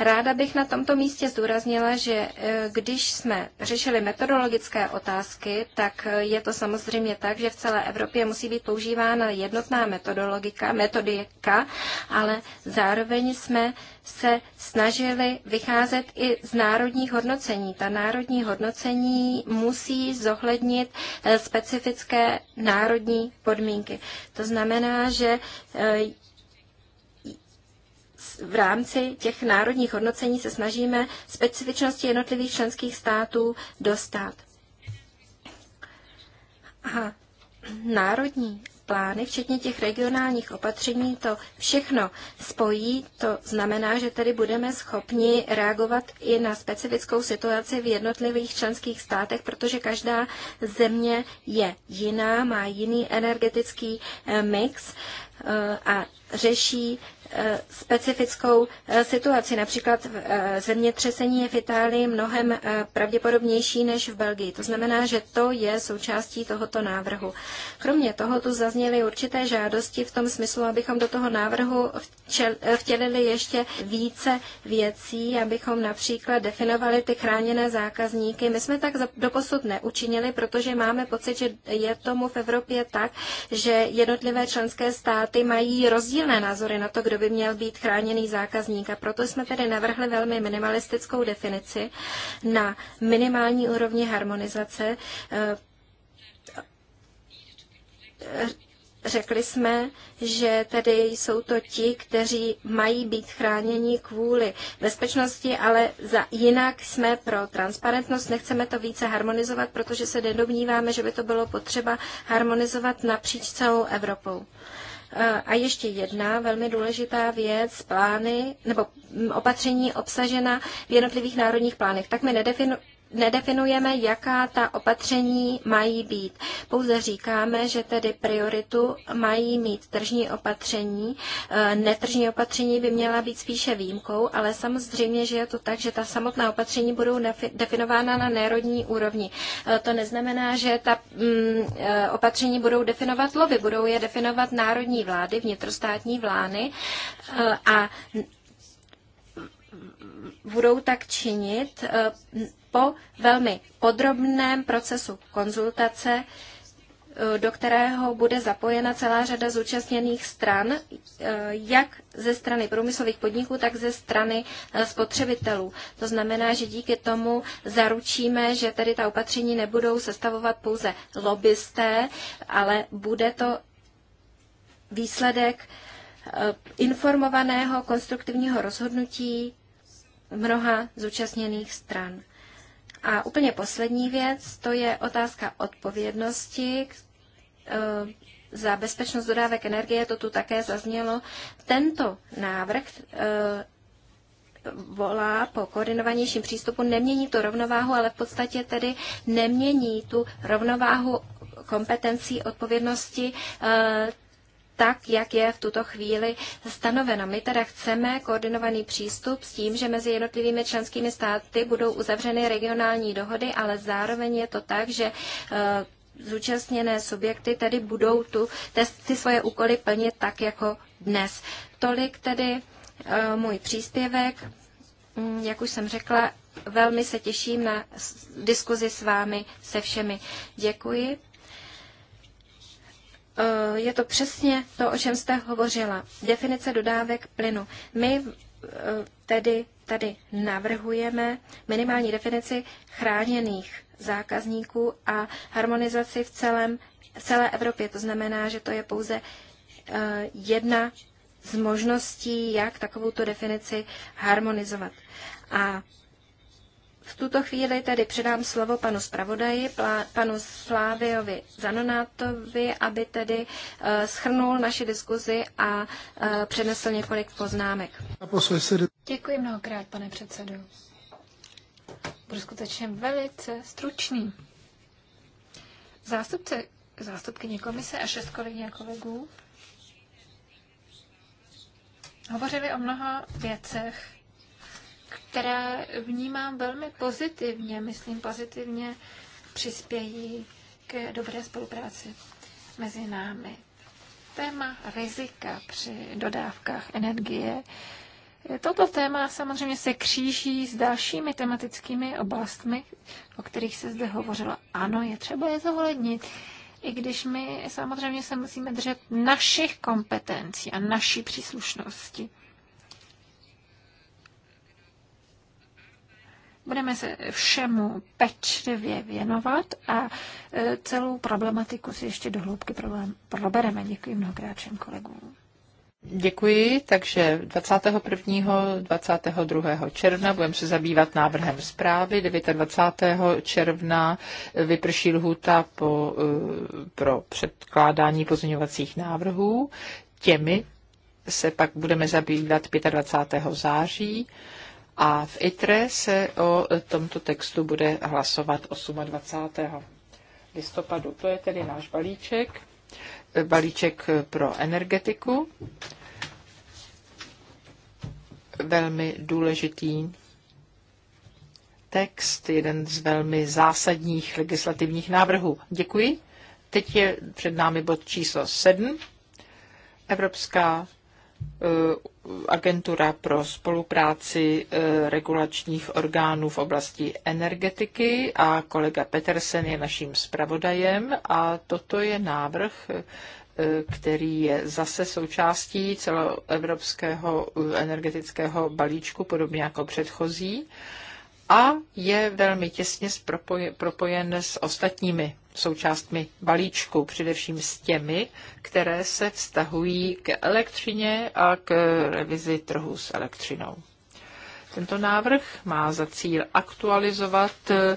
Ráda bych na tomto místě zdůraznila, že e, když jsme řešili metodologické otázky, tak e, je to samozřejmě tak, že v celé Evropě musí být používána jednotná metodologika, metodika, ale zároveň jsme se snažili vycházet i z národních hodnocení. Ta národní hodnocení musí zohlednit e, specifické národní podmínky. To znamená, že v rámci těch národních hodnocení se snažíme specifičnosti jednotlivých členských států dostat. A národní plány, včetně těch regionálních opatření, to všechno spojí. To znamená, že tedy budeme schopni reagovat i na specifickou situaci v jednotlivých členských státech, protože každá země je jiná, má jiný energetický eh, mix eh, a řeší specifickou eh, situaci. Například eh, zemětřesení je v Itálii mnohem eh, pravděpodobnější než v Belgii. To znamená, že to je součástí tohoto návrhu. Kromě toho tu zazněly určité žádosti v tom smyslu, abychom do toho návrhu vtělili ještě více věcí, abychom například definovali ty chráněné zákazníky. My jsme tak doposud neučinili, protože máme pocit, že je tomu v Evropě tak, že jednotlivé členské státy mají rozdílné názory na to, kdo kdo by měl být chráněný zákazník. A proto jsme tedy navrhli velmi minimalistickou definici na minimální úrovni harmonizace. Eh, řekli jsme, že tedy jsou to ti, kteří mají být chráněni kvůli bezpečnosti, ale za, jinak jsme pro transparentnost, nechceme to více harmonizovat, protože se nedomníváme, že by to bylo potřeba harmonizovat napříč celou Evropou. A ještě jedna velmi důležitá věc, plány nebo mm, opatření obsažena v jednotlivých národních plánech. Tak my nedefinujeme nedefinujeme, jaká ta opatření mají být. Pouze říkáme, že tedy prioritu mají mít tržní opatření. E, netržní opatření by měla být spíše výjimkou, ale samozřejmě, že je to tak, že ta samotná opatření budou definována na národní úrovni. E, to neznamená, že ta mm, e, opatření budou definovat lovy, budou je definovat národní vlády, vnitrostátní vlány a budou tak činit po velmi podrobném procesu konzultace, eh, do kterého bude zapojena celá řada zúčastněných stran, eh, jak ze strany průmyslových podniků, tak ze strany eh, spotřebitelů. To znamená, že díky tomu zaručíme, že tedy ta opatření nebudou sestavovat pouze lobbysté, ale bude to výsledek informovaného konstruktivního rozhodnutí mnoha zúčastněných stran. A úplně poslední věc, to je otázka odpovědnosti eh, za bezpečnost dodávek energie, to tu také zaznělo. Tento návrh eh, volá po koordinovanějším přístupu, nemění tu rovnováhu, ale v podstatě tedy nemění tu rovnováhu kompetencí, odpovědnosti eh, tak, jak je v tuto chvíli stanoveno. My teda chceme koordinovaný přístup s tím, že mezi jednotlivými členskými státy budou uzavřeny regionální dohody, ale zároveň je to tak, že eh, zúčastněné subjekty tedy budou tu, ty svoje úkoly plnit tak, jako dnes. Tolik tedy eh, můj příspěvek. Mm, jak už jsem řekla, velmi se těším na diskuzi s vámi se všemi. Děkuji. Eh, je to přesně to, o čem jste hovořila. Definice dodávek plynu. My eh, tedy tady navrhujeme minimální definici chráněných zákazníků a harmonizaci v, celém, v celé Evropě. To znamená, že to je pouze eh, jedna z možností, jak takovou tu definici harmonizovat. A v tuto chvíli tedy předám slovo panu zpravodaji, panu sláviovi Zanonátovi, aby tedy eh, schrnul naši diskuzi a eh, přenesl několik poznámek. Děkuji mnohokrát, pane předsedo. Budu skutečně velice stručný. Zástupce, zástupkyně komise a šest kolegyň a kolegů hovořili o mnoha věcech, které vnímám velmi pozitivně, myslím pozitivně, přispějí k dobré spolupráci mezi námi. Téma rizika při dodávkách energie. Toto téma samozřejmě se kříží s dalšími tematickými oblastmi, o kterých se zde hovořilo. Ano, je třeba je zohlednit, i když my samozřejmě se musíme držet našich kompetencí a naší příslušnosti. Budeme se všemu pečlivě věnovat a e, celou problematiku si ještě do hloubky probereme. Děkuji mnohokrát všem kolegům. Děkuji, takže 21. 22. června budeme se zabývat návrhem zprávy. 29. června vyprší lhuta po, e, pro předkládání pozměňovacích návrhů. Těmi se pak budeme zabývat 25. září a v ITRE se o tomto textu bude hlasovat 28. listopadu. To je tedy náš balíček, balíček pro energetiku, velmi důležitý text, jeden z velmi zásadních legislativních návrhů. Děkuji. Teď je před námi bod číslo 7. Evropská eh, agentura pro spolupráci eh, regulačních orgánů v oblasti energetiky a kolega Petersen je naším zpravodajem a toto je návrh, eh, který je zase součástí celoevropského eh, energetického balíčku, podobně jako předchozí, a je velmi těsně propojen s ostatními součástmi balíčku, především s těmi, které se vztahují k elektřině a k revizi trhu s elektřinou. Tento návrh má za cíl aktualizovat eh,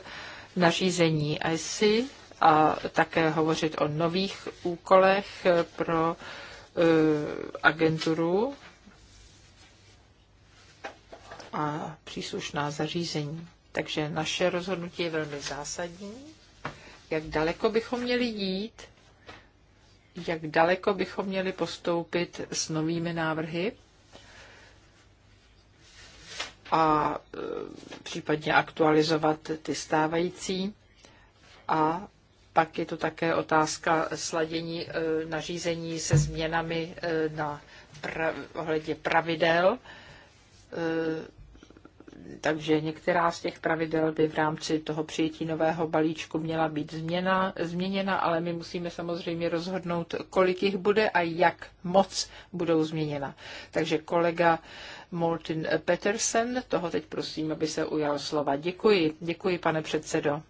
nařízení ISI a také hovořit o nových úkolech eh, pro eh, agenturu a příslušná zařízení. Takže naše rozhodnutí je velmi zásadní jak daleko bychom měli jít, jak daleko bychom měli postoupit s novými návrhy a e, případně aktualizovat ty stávající. A pak je to také otázka sladění e, nařízení se změnami e, na pra- ohledně pravidel takže některá z těch pravidel by v rámci toho přijetí nového balíčku měla být změna, změněna, ale my musíme samozřejmě rozhodnout, kolik jich bude a jak moc budou změněna. Takže kolega Martin Petersen, toho teď prosím, aby se ujal slova. Děkuji, děkuji pane předsedo.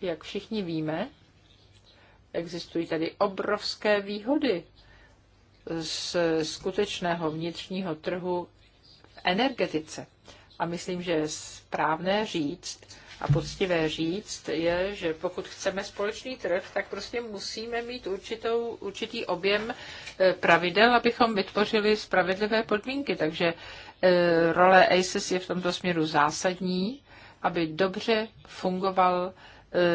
Jak všichni víme, existují tady obrovské výhody z skutečného vnitřního trhu energetice. A myslím, že správné říct a poctivé říct je, že pokud chceme společný trh, tak prostě musíme mít určitou, určitý objem e, pravidel, abychom vytvořili spravedlivé podmínky. Takže e, role ACES je v tomto směru zásadní, aby dobře fungoval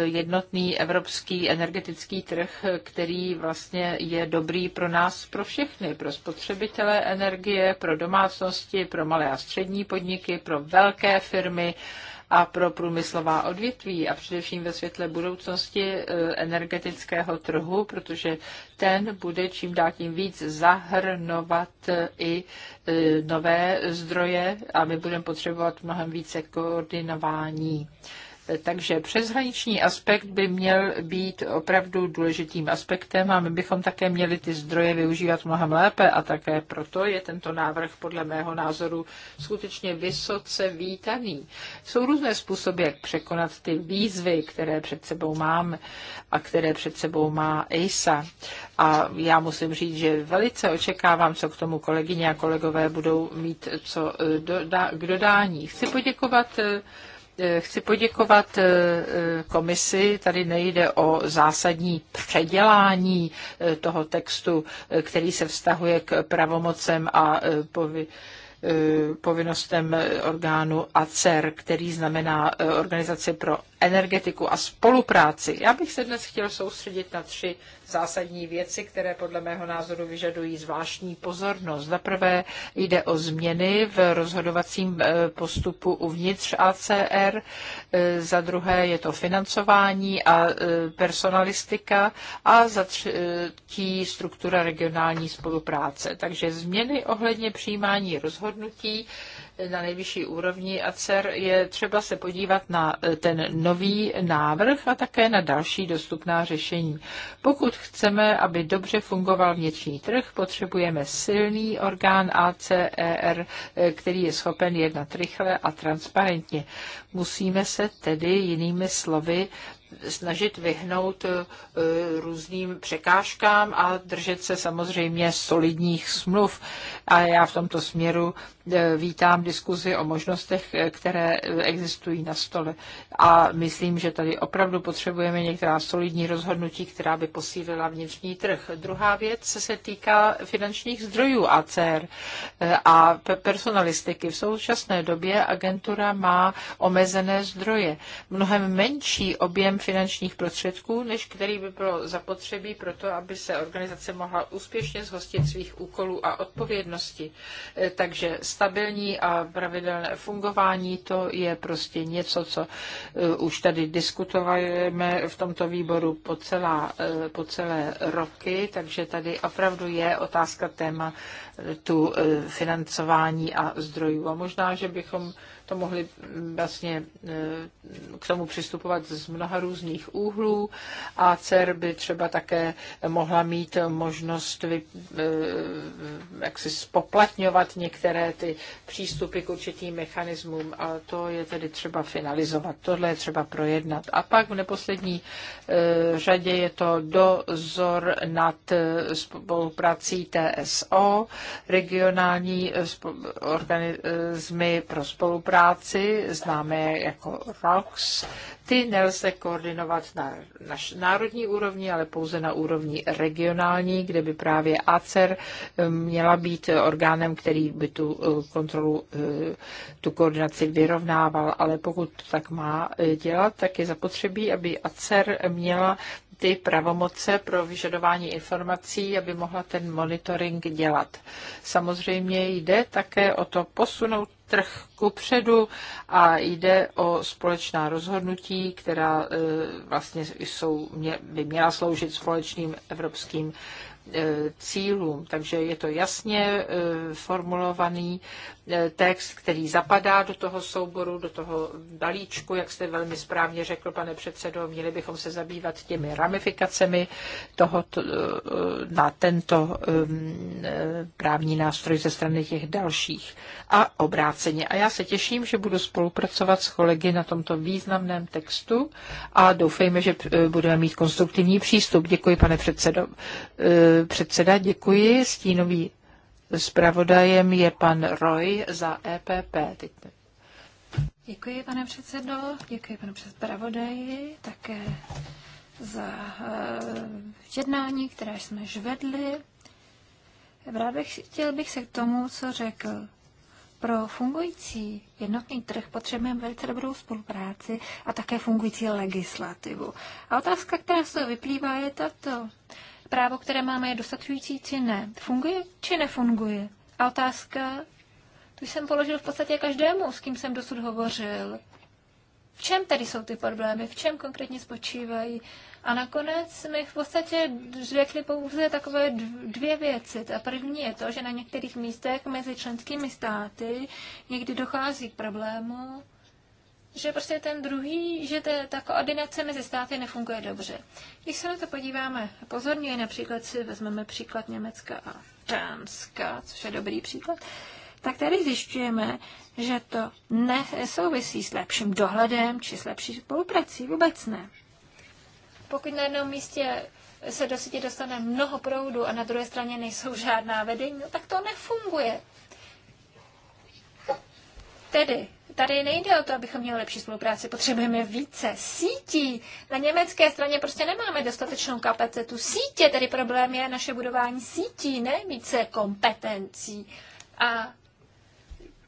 jednotný evropský energetický trh, který vlastně je dobrý pro nás, pro všechny, pro spotřebitele energie, pro domácnosti, pro malé a střední podniky, pro velké firmy a pro průmyslová odvětví a především ve světle budoucnosti e, energetického trhu, protože ten bude čím dál tím víc zahrnovat e, i e, nové zdroje a my budeme potřebovat mnohem více koordinování. Takže přeshraniční aspekt by měl být opravdu důležitým aspektem a my bychom také měli ty zdroje využívat mnohem lépe a také proto je tento návrh podle mého názoru skutečně vysoce vítaný. Jsou různé způsoby, jak překonat ty výzvy, které před sebou máme a které před sebou má EISA. A já musím říct, že velice očekávám, co k tomu kolegyně a kolegové budou mít co eh, doda- k dodání. Chci poděkovat eh, Eh, chci poděkovat eh, eh, komisi. Tady nejde o zásadní předělání toho textu, který se vztahuje k pravomocem a povy povinnostem orgánu ACER, který znamená Organizace pro energetiku a spolupráci. Já bych se dnes chtěl soustředit na tři zásadní věci, které podle mého názoru vyžadují zvláštní pozornost. Za prvé jde o změny v rozhodovacím eh, postupu uvnitř ACR, eh, za druhé je to financování a eh, personalistika a za třetí struktura regionální spolupráce. Takže změny ohledně přijímání rozhodnutí na nejvyšší úrovni a CER je třeba se podívat na e, ten nový návrh a také na další dostupná řešení. Pokud chceme, aby dobře fungoval vnitřní trh, potřebujeme silný orgán ACER, e, který je schopen jednat rychle a transparentně. Musíme se tedy jinými slovy snažit vyhnout e, různým překážkám a držet se samozřejmě solidních smluv a já v tomto směru e, vítám diskuzi o možnostech, e, které e, existují na stole. A myslím, že tady opravdu potřebujeme některá solidní rozhodnutí, která by posílila vnitřní trh. Druhá věc se týká finančních zdrojů ACR a personalistiky. V současné době agentura má omezené zdroje. Mnohem menší objem finančních prostředků, než který by bylo zapotřebí pro to, aby se organizace mohla úspěšně zhostit svých úkolů a odpovědnosti odpovědnosti. Eh, takže stabilní a pravidelné fungování, to je prostě něco, co eh, už tady diskutujeme v tomto výboru po, celá, eh, po celé roky, takže tady opravdu je otázka téma tu financování a zdrojů. A možná, že bychom to mohli mm, vlastně eh, k tomu přistupovat z mnoha různých úhlů a CER by třeba také mohla mít možnost vy, eh, jak si spoplatňovat některé ty přístupy k určitým mechanismům a to je tedy třeba finalizovat. Tohle je třeba projednat. A pak v neposlední eh, řadě je to dozor nad spoluprací TSO, regionální organizmy pro spolupráci práci, známé jako ROX, ty nelze koordinovat na naš národní úrovni, ale pouze na úrovni regionální, kde by právě ACER eh, měla být orgánem, který by tu eh, kontrolu, eh, tu koordinaci vyrovnával. Ale pokud tak má dělat, tak je zapotřebí, aby ACER měla ty pravomoce pro vyžadování informací, aby mohla ten monitoring dělat. Samozřejmě jde také o to posunout trh ku předu a jde o společná rozhodnutí která eh, vlastně jsou, mě, by měla sloužit společným evropským E, cílům. Takže je to jasně e, formulovaný e, text, který zapadá do toho souboru, do toho balíčku, jak jste velmi správně řekl, pane předsedo, měli bychom se zabývat těmi ramifikacemi toho, na tento právní nástroj ze strany těch dalších a obráceně. A já se těším, že budu spolupracovat s kolegy na tomto významném textu a doufejme, že budeme mít konstruktivní přístup. Děkuji, pane předsedo Předseda, děkuji. Stínový zpravodajem je pan Roy za EPP. Děkuji, pane předsedo, děkuji panu zpravodaji, také za eh, jednání, které jsme žvedli. Rád bych, chtěl bych se k tomu, co řekl. Pro fungující jednotný trh potřebujeme velice dobrou spolupráci a také fungující legislativu. A otázka, která z toho vyplývá, je tato právo, které máme, je dostačující či ne. Funguje či nefunguje? A otázka, tu jsem položil v podstatě každému, s kým jsem dosud hovořil. V čem tedy jsou ty problémy, v čem konkrétně spočívají? A nakonec mi v podstatě řekli pouze takové dvě věci. A první je to, že na některých místech mezi členskými státy někdy dochází k problému, že prostě ten druhý, že ta, ta koordinace mezi státy nefunguje dobře. Když se na to podíváme pozorně, například si vezmeme příklad Německa a Dánska, což je dobrý příklad, tak tady zjišťujeme, že to nesouvisí s lepším dohledem či s lepší spoluprací. Vůbec ne. Pokud na jednom místě se do sítě dostane mnoho proudu a na druhé straně nejsou žádná vedení, no tak to nefunguje. Tedy Tady nejde o to, abychom měli lepší spolupráci, potřebujeme více sítí. Na německé straně prostě nemáme dostatečnou kapacitu sítě, tedy problém je naše budování sítí, ne více kompetencí. A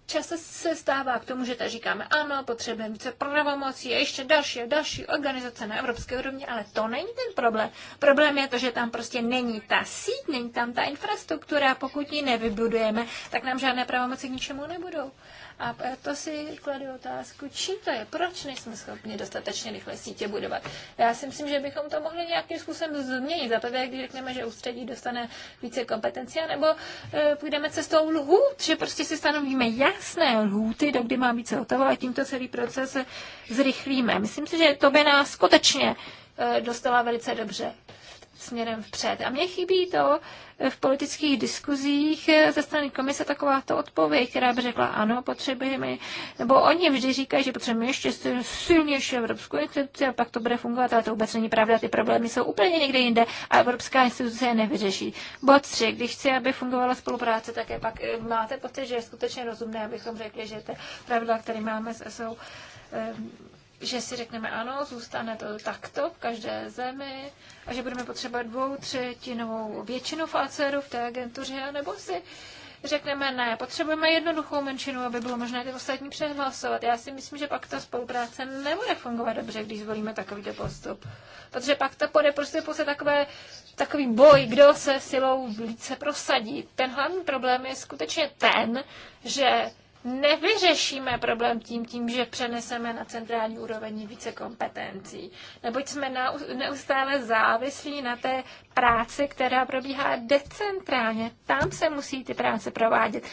často se stává k tomu, že tady říkáme, ano, potřebujeme více pravomocí a ještě další a další organizace na evropské úrovni, ale to není ten problém. Problém je to, že tam prostě není ta síť, není tam ta infrastruktura a pokud ji nevybudujeme, tak nám žádné pravomoci k ničemu nebudou. A proto si kladu otázku, čím to je, proč nejsme schopni dostatečně rychle sítě budovat. Já si myslím, že bychom to mohli nějakým způsobem změnit. Za prvé, když řekneme, že ústředí dostane více kompetencí, nebo e, půjdeme cestou lhůt, že prostě si stanovíme jasné lhůty, do kdy má být se hotovo a tímto celý proces zrychlíme. Myslím si, že to by nás skutečně e, dostala velice dobře směrem vpřed. A mně chybí to v politických diskuzích ze strany komise taková to odpověď, která by řekla, ano, potřebujeme, nebo oni vždy říkají, že potřebujeme ještě silnější evropskou instituci a pak to bude fungovat, ale to vůbec není pravda, ty problémy jsou úplně někde jinde a evropská instituce je nevyřeší. Bod tři, když chci, aby fungovala spolupráce, tak je pak eh, máte pocit, že je skutečně rozumné, abychom řekli, že ty pravidla, které máme, jsou že si řekneme ano, zůstane to takto v každé zemi a že budeme potřebovat dvou třetinovou většinu v v té agentuře, nebo si řekneme ne, potřebujeme jednoduchou menšinu, aby bylo možné ty ostatní přehlasovat. Já si myslím, že pak ta spolupráce nebude fungovat dobře, když zvolíme takovýto postup. Protože pak to bude prostě pouze takové, takový boj, kdo se silou více prosadí. Ten hlavní problém je skutečně ten, že nevyřešíme problém tím, tím, že přeneseme na centrální úroveň více kompetencí. Neboť jsme neustále závislí na té práci, která probíhá decentrálně. Tam se musí ty práce provádět.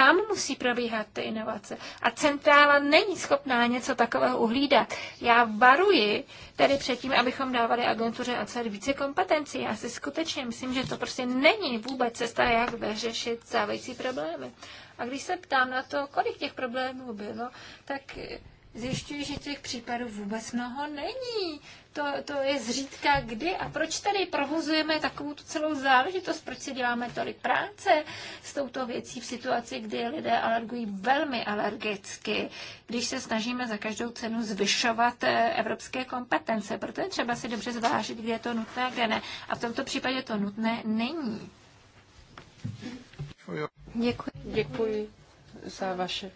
Tam musí probíhat ty inovace. A centrála není schopná něco takového uhlídat. Já varuji tedy předtím, abychom dávali agentuře a celé více kompetencí. Já si skutečně myslím, že to prostě není vůbec cesta, jak vyřešit stávající problémy. A když se ptám na to, kolik těch problémů bylo, tak zjišťuji, že těch případů vůbec mnoho není to, to je zřídka kdy a proč tady provozujeme takovou tu celou záležitost, proč si děláme tolik práce s touto věcí v situaci, kdy lidé alergují velmi alergicky, když se snažíme za každou cenu zvyšovat eh, evropské kompetence. Proto je třeba si dobře zvážit, kde je to nutné a kde ne. A v tomto případě to nutné není. Děkuji. Děkuji za vaše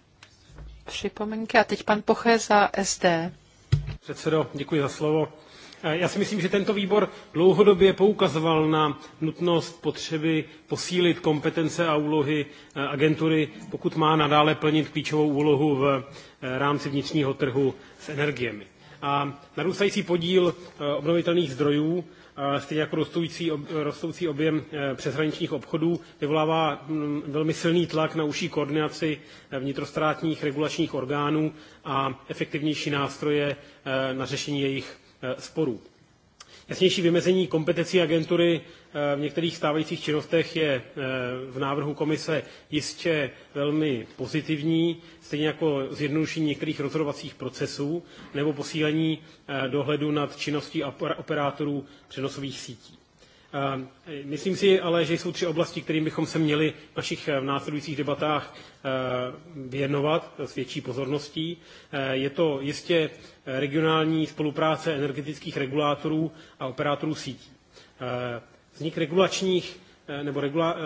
připomínky. A teď pan Poché za SD předsedo, děkuji za slovo. E, já si myslím, že tento výbor dlouhodobě poukazoval na nutnost potřeby posílit kompetence a úlohy e, agentury, pokud má nadále plnit klíčovou úlohu v e, rámci vnitřního trhu s energiemi. A narůstající podíl obnovitelných zdrojů stejně jako rostoucí, rostoucí objem eh, přeshraničních obchodů, vyvolává mm, velmi silný tlak na užší koordinaci eh, vnitrostátních regulačních orgánů a efektivnější nástroje eh, na řešení jejich sporů. Jasnější vymezení kompetencí agentury eh, v některých stávajících činnostech je eh, v návrhu komise jistě velmi pozitivní, stejně jako zjednodušení některých rozhodovacích procesů nebo posílení eh, dohledu nad činností operátorů přenosových sítí. Ehm, myslím si ale, že jsou tři oblasti, kterým bychom se měli v našich eh, následujících debatách eh, věnovat s větší pozorností. Eh, je to jistě regionální spolupráce energetických regulátorů a operátorů sítí. Vznik regulačních nebo regula,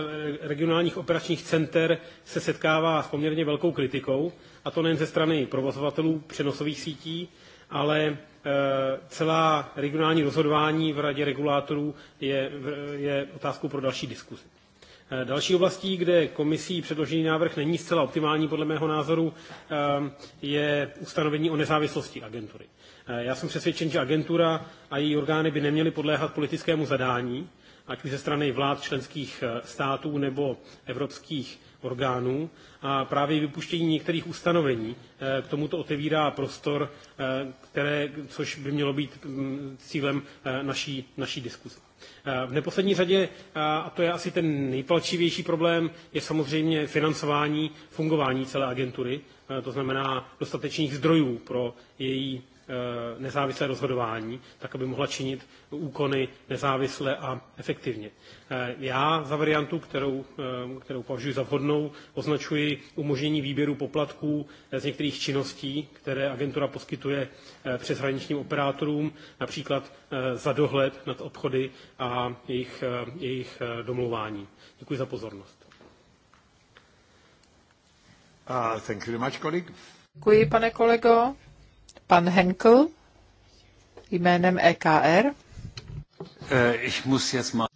regionálních operačních center se setkává s poměrně velkou kritikou, a to nejen ze strany provozovatelů přenosových sítí, ale Eh, celá regionální rozhodování v radě regulátorů je, je otázkou pro další diskuzi. Eh, další oblastí, kde komisí předložený návrh není zcela optimální podle mého názoru, eh, je ustanovení o nezávislosti agentury. Já jsem přesvědčen, že agentura a její orgány by neměly podléhat politickému zadání, ať už ze strany vlád členských států nebo evropských orgánů a právě vypuštění některých ustanovení eh, k tomuto otevírá prostor, eh, které, což by mělo být mm, cílem eh, naší, naší diskuze. V neposlední řadě, a to je asi ten nejpalčivější problém, je samozřejmě financování fungování celé agentury, to znamená dostatečných zdrojů pro její Eh, nezávislé rozhodování, tak aby mohla činit úkony nezávisle a efektivně. Eh, já za variantu, kterou, eh, kterou považuji za vhodnou, označuji umožnění výběru poplatků z některých činností, které agentura poskytuje přeshraničním operátorům, například za dohled nad obchody a jejich, jejich domlouvání. Děkuji za pozornost. Uh, thank you very much, colleague. Děkuji, pane kolego. Pan Henkel jménem EKR. Eh, ich muss jetzt mal...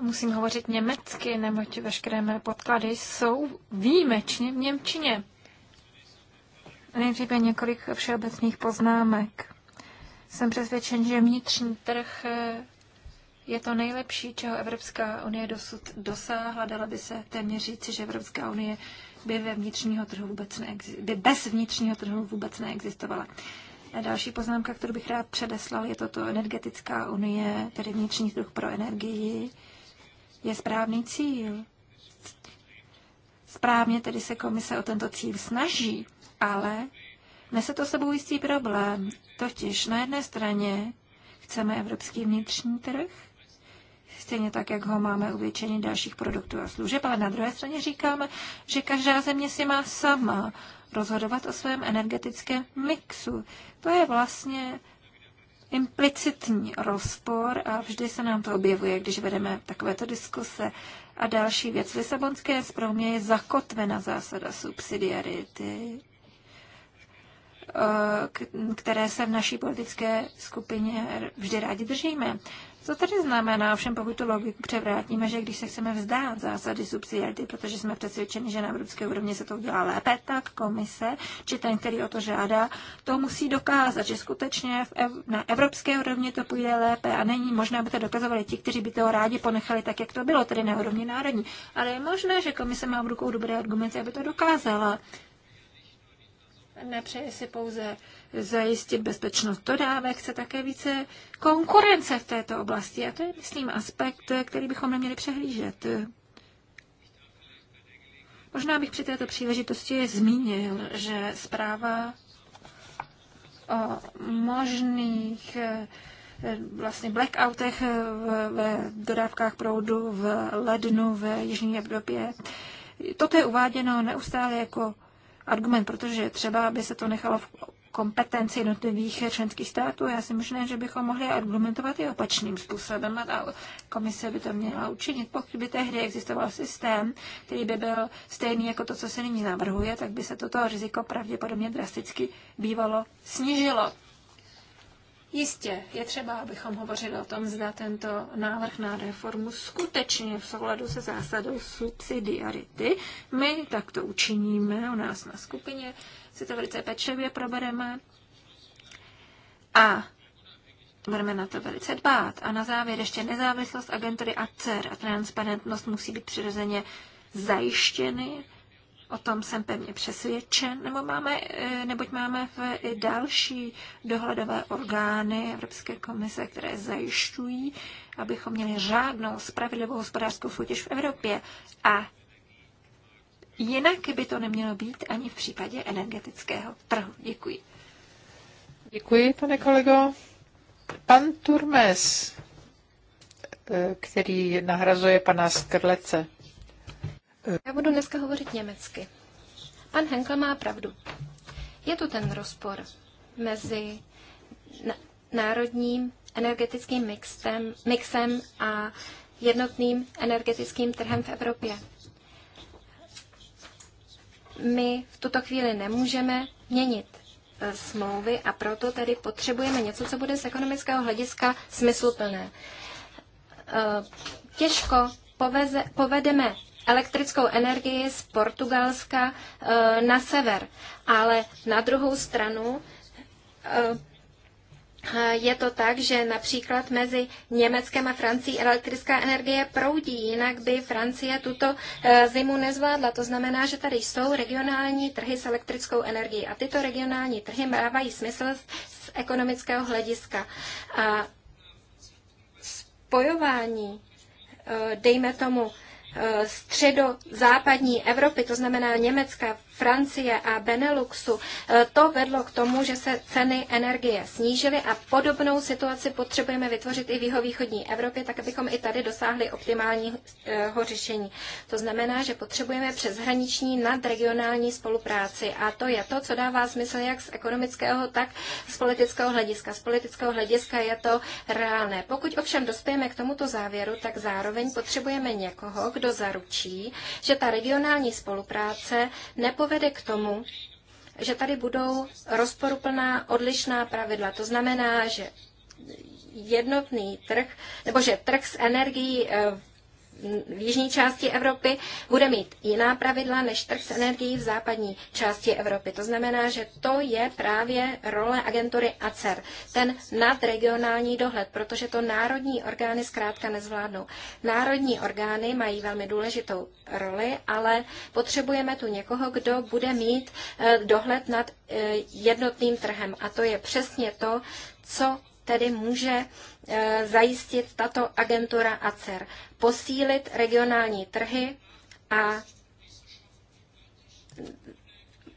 Musím hovořit německy, neboť veškeré mé podklady jsou výjimečně v Němčině. Nejdříve několik všeobecných poznámek. Jsem přesvědčen, že vnitřní trh eh, je to nejlepší, čeho Evropská unie dosud dosáhla. Dala by se téměř říci, že Evropská unie by, ve vnitřního trhu vůbec by bez vnitřního trhu vůbec neexistovala. Další poznámka, kterou bych rád předeslal, je toto energetická unie, tedy vnitřní trh pro energii, je správný cíl. Správně tedy se komise o tento cíl snaží, ale nese to sebou jistý problém. Totiž na jedné straně chceme evropský vnitřní trh, stejně tak, jak ho máme u většiny dalších produktů a služeb, ale na druhé straně říkáme, že každá země si má sama rozhodovat o svém energetickém mixu. To je vlastně implicitní rozpor a vždy se nám to objevuje, když vedeme takovéto diskuse. A další věc. V Lisabonské zprávě je zakotvena zásada subsidiarity, eh, které se v naší politické skupině vždy rádi držíme. Co tedy znamená, ovšem pokud tu logiku převrátíme, že když se chceme vzdát zásady subsidiarity, protože jsme přesvědčeni, že na evropské úrovni se to udělá lépe, tak komise, či ten, který o to žádá, to musí dokázat, že skutečně v ev- na evropské úrovni to půjde lépe a není možné, aby to dokazovali ti, kteří by to rádi ponechali tak, jak to bylo, tedy na úrovni národní. Ale je možné, že komise má v rukou dobré argumenty, aby to dokázala nepřeje si pouze zajistit bezpečnost dodávek, chce také více konkurence v této oblasti. A to je, myslím, aspekt, který bychom neměli přehlížet. Možná bych při této příležitosti zmínil, že zpráva o možných eh, vlastně blackoutech v, dodávkách proudu v lednu v Jižní Evropě. Toto je uváděno neustále jako argument, protože třeba, aby se to nechalo v kompetenci jednotlivých členských států. Já si myslím, že bychom mohli argumentovat i opačným způsobem a komise by to měla učinit. Pokud by tehdy existoval systém, který by byl stejný jako to, co se nyní navrhuje, tak by se toto riziko pravděpodobně drasticky bývalo snížilo. Jistě je třeba, abychom hovořili o tom, zda tento návrh na reformu skutečně v souladu se zásadou subsidiarity. My tak to učiníme u nás na skupině, si to velice pečlivě probereme a budeme na to velice dbát. A na závěr ještě nezávislost agentury ACER a transparentnost musí být přirozeně zajištěny O tom jsem pevně přesvědčen, nebo máme, eh, neboť máme v i další dohledové orgány Evropské komise, které zajišťují, abychom měli řádnou, spravedlivou hospodářskou soutěž v Evropě. A jinak by to nemělo být ani v případě energetického trhu. Děkuji. Děkuji, pane kolego. Pan Turmes, eh, který nahrazuje pana Skrlece. Já budu dneska hovořit německy. Pan Henkel má pravdu. Je tu ten rozpor mezi národním energetickým mixem, mixem a jednotným energetickým trhem v Evropě. My v tuto chvíli nemůžeme měnit eh, smlouvy a proto tedy potřebujeme něco, co bude z ekonomického hlediska smysluplné. Eh, Těžko poveze, povedeme elektrickou energii z Portugalska e, na sever. Ale na druhou stranu e, je to tak, že například mezi Německem a Francií elektrická energie proudí, jinak by Francie tuto e, zimu nezvládla. To znamená, že tady jsou regionální trhy s elektrickou energií a tyto regionální trhy mávají smysl z ekonomického hlediska. A spojování, dejme tomu, středozápadní Evropy, to znamená Německa, Francie a Beneluxu, e, to vedlo k tomu, že se ceny energie snížily a podobnou situaci potřebujeme vytvořit i v jihovýchodní Evropě, tak abychom i tady dosáhli optimálního e, řešení. To znamená, že potřebujeme přeshraniční nadregionální spolupráci a to je to, co dává smysl jak z ekonomického, tak z politického hlediska. Z politického hlediska je to reálné. Pokud ovšem dospějeme k tomuto závěru, tak zároveň potřebujeme někoho, kdo zaručí, že ta regionální spolupráce nepo povede k tomu, že tady budou rozporuplná odlišná pravidla. To znamená, že jednotný trh, nebo že trh s energií eh, v jižní části Evropy bude mít jiná pravidla než trh s energií v západní části Evropy. To znamená, že to je právě role agentury ACER, ten nadregionální dohled, protože to národní orgány zkrátka nezvládnou. Národní orgány mají velmi důležitou roli, ale potřebujeme tu někoho, kdo bude mít eh, dohled nad eh, jednotným trhem. A to je přesně to, co tedy může e, zajistit tato agentura ACER, posílit regionální trhy a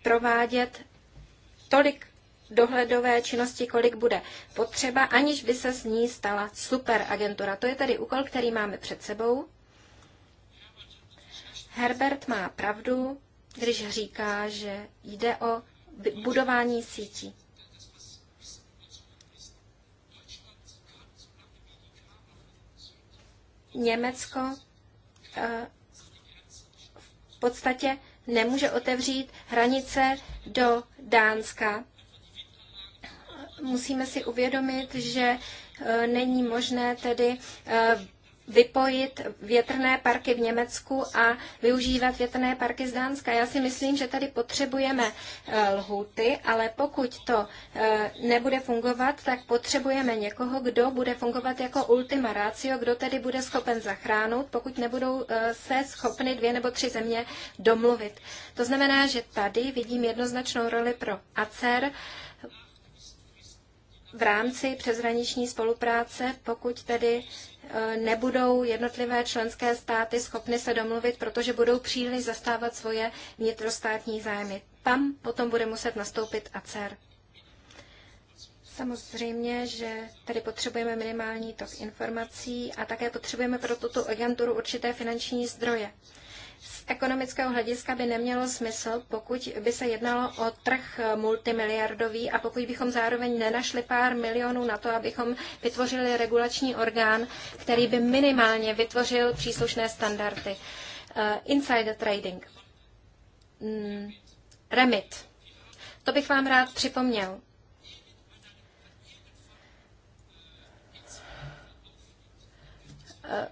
provádět tolik dohledové činnosti, kolik bude potřeba, aniž by se z ní stala superagentura. To je tedy úkol, který máme před sebou. Herbert má pravdu, když říká, že jde o budování sítí. Německo eh, v podstatě nemůže otevřít hranice do Dánska. Musíme si uvědomit, že eh, není možné tedy eh, vypojit větrné parky v Německu a využívat větrné parky z Dánska. Já si myslím, že tady potřebujeme eh, lhuty, ale pokud to eh, nebude fungovat, tak potřebujeme někoho, kdo bude fungovat jako ultima ratio, kdo tedy bude schopen zachránit, pokud nebudou eh, se schopny dvě nebo tři země domluvit. To znamená, že tady vidím jednoznačnou roli pro ACER v rámci přeshraniční spolupráce, pokud tedy Eh, nebudou jednotlivé členské státy schopny se domluvit, protože budou příliš zastávat svoje vnitrostátní zájmy. Tam potom bude muset nastoupit ACER. Samozřejmě, že tady potřebujeme minimální tok informací a také potřebujeme pro tuto agenturu určité finanční zdroje z ekonomického hlediska by nemělo smysl, pokud by se jednalo o trh multimiliardový a pokud bychom zároveň nenašli pár milionů na to, abychom vytvořili regulační orgán, který by minimálně vytvořil příslušné standardy. Eh, insider trading. Hmm. Remit. To bych vám rád připomněl. Eh,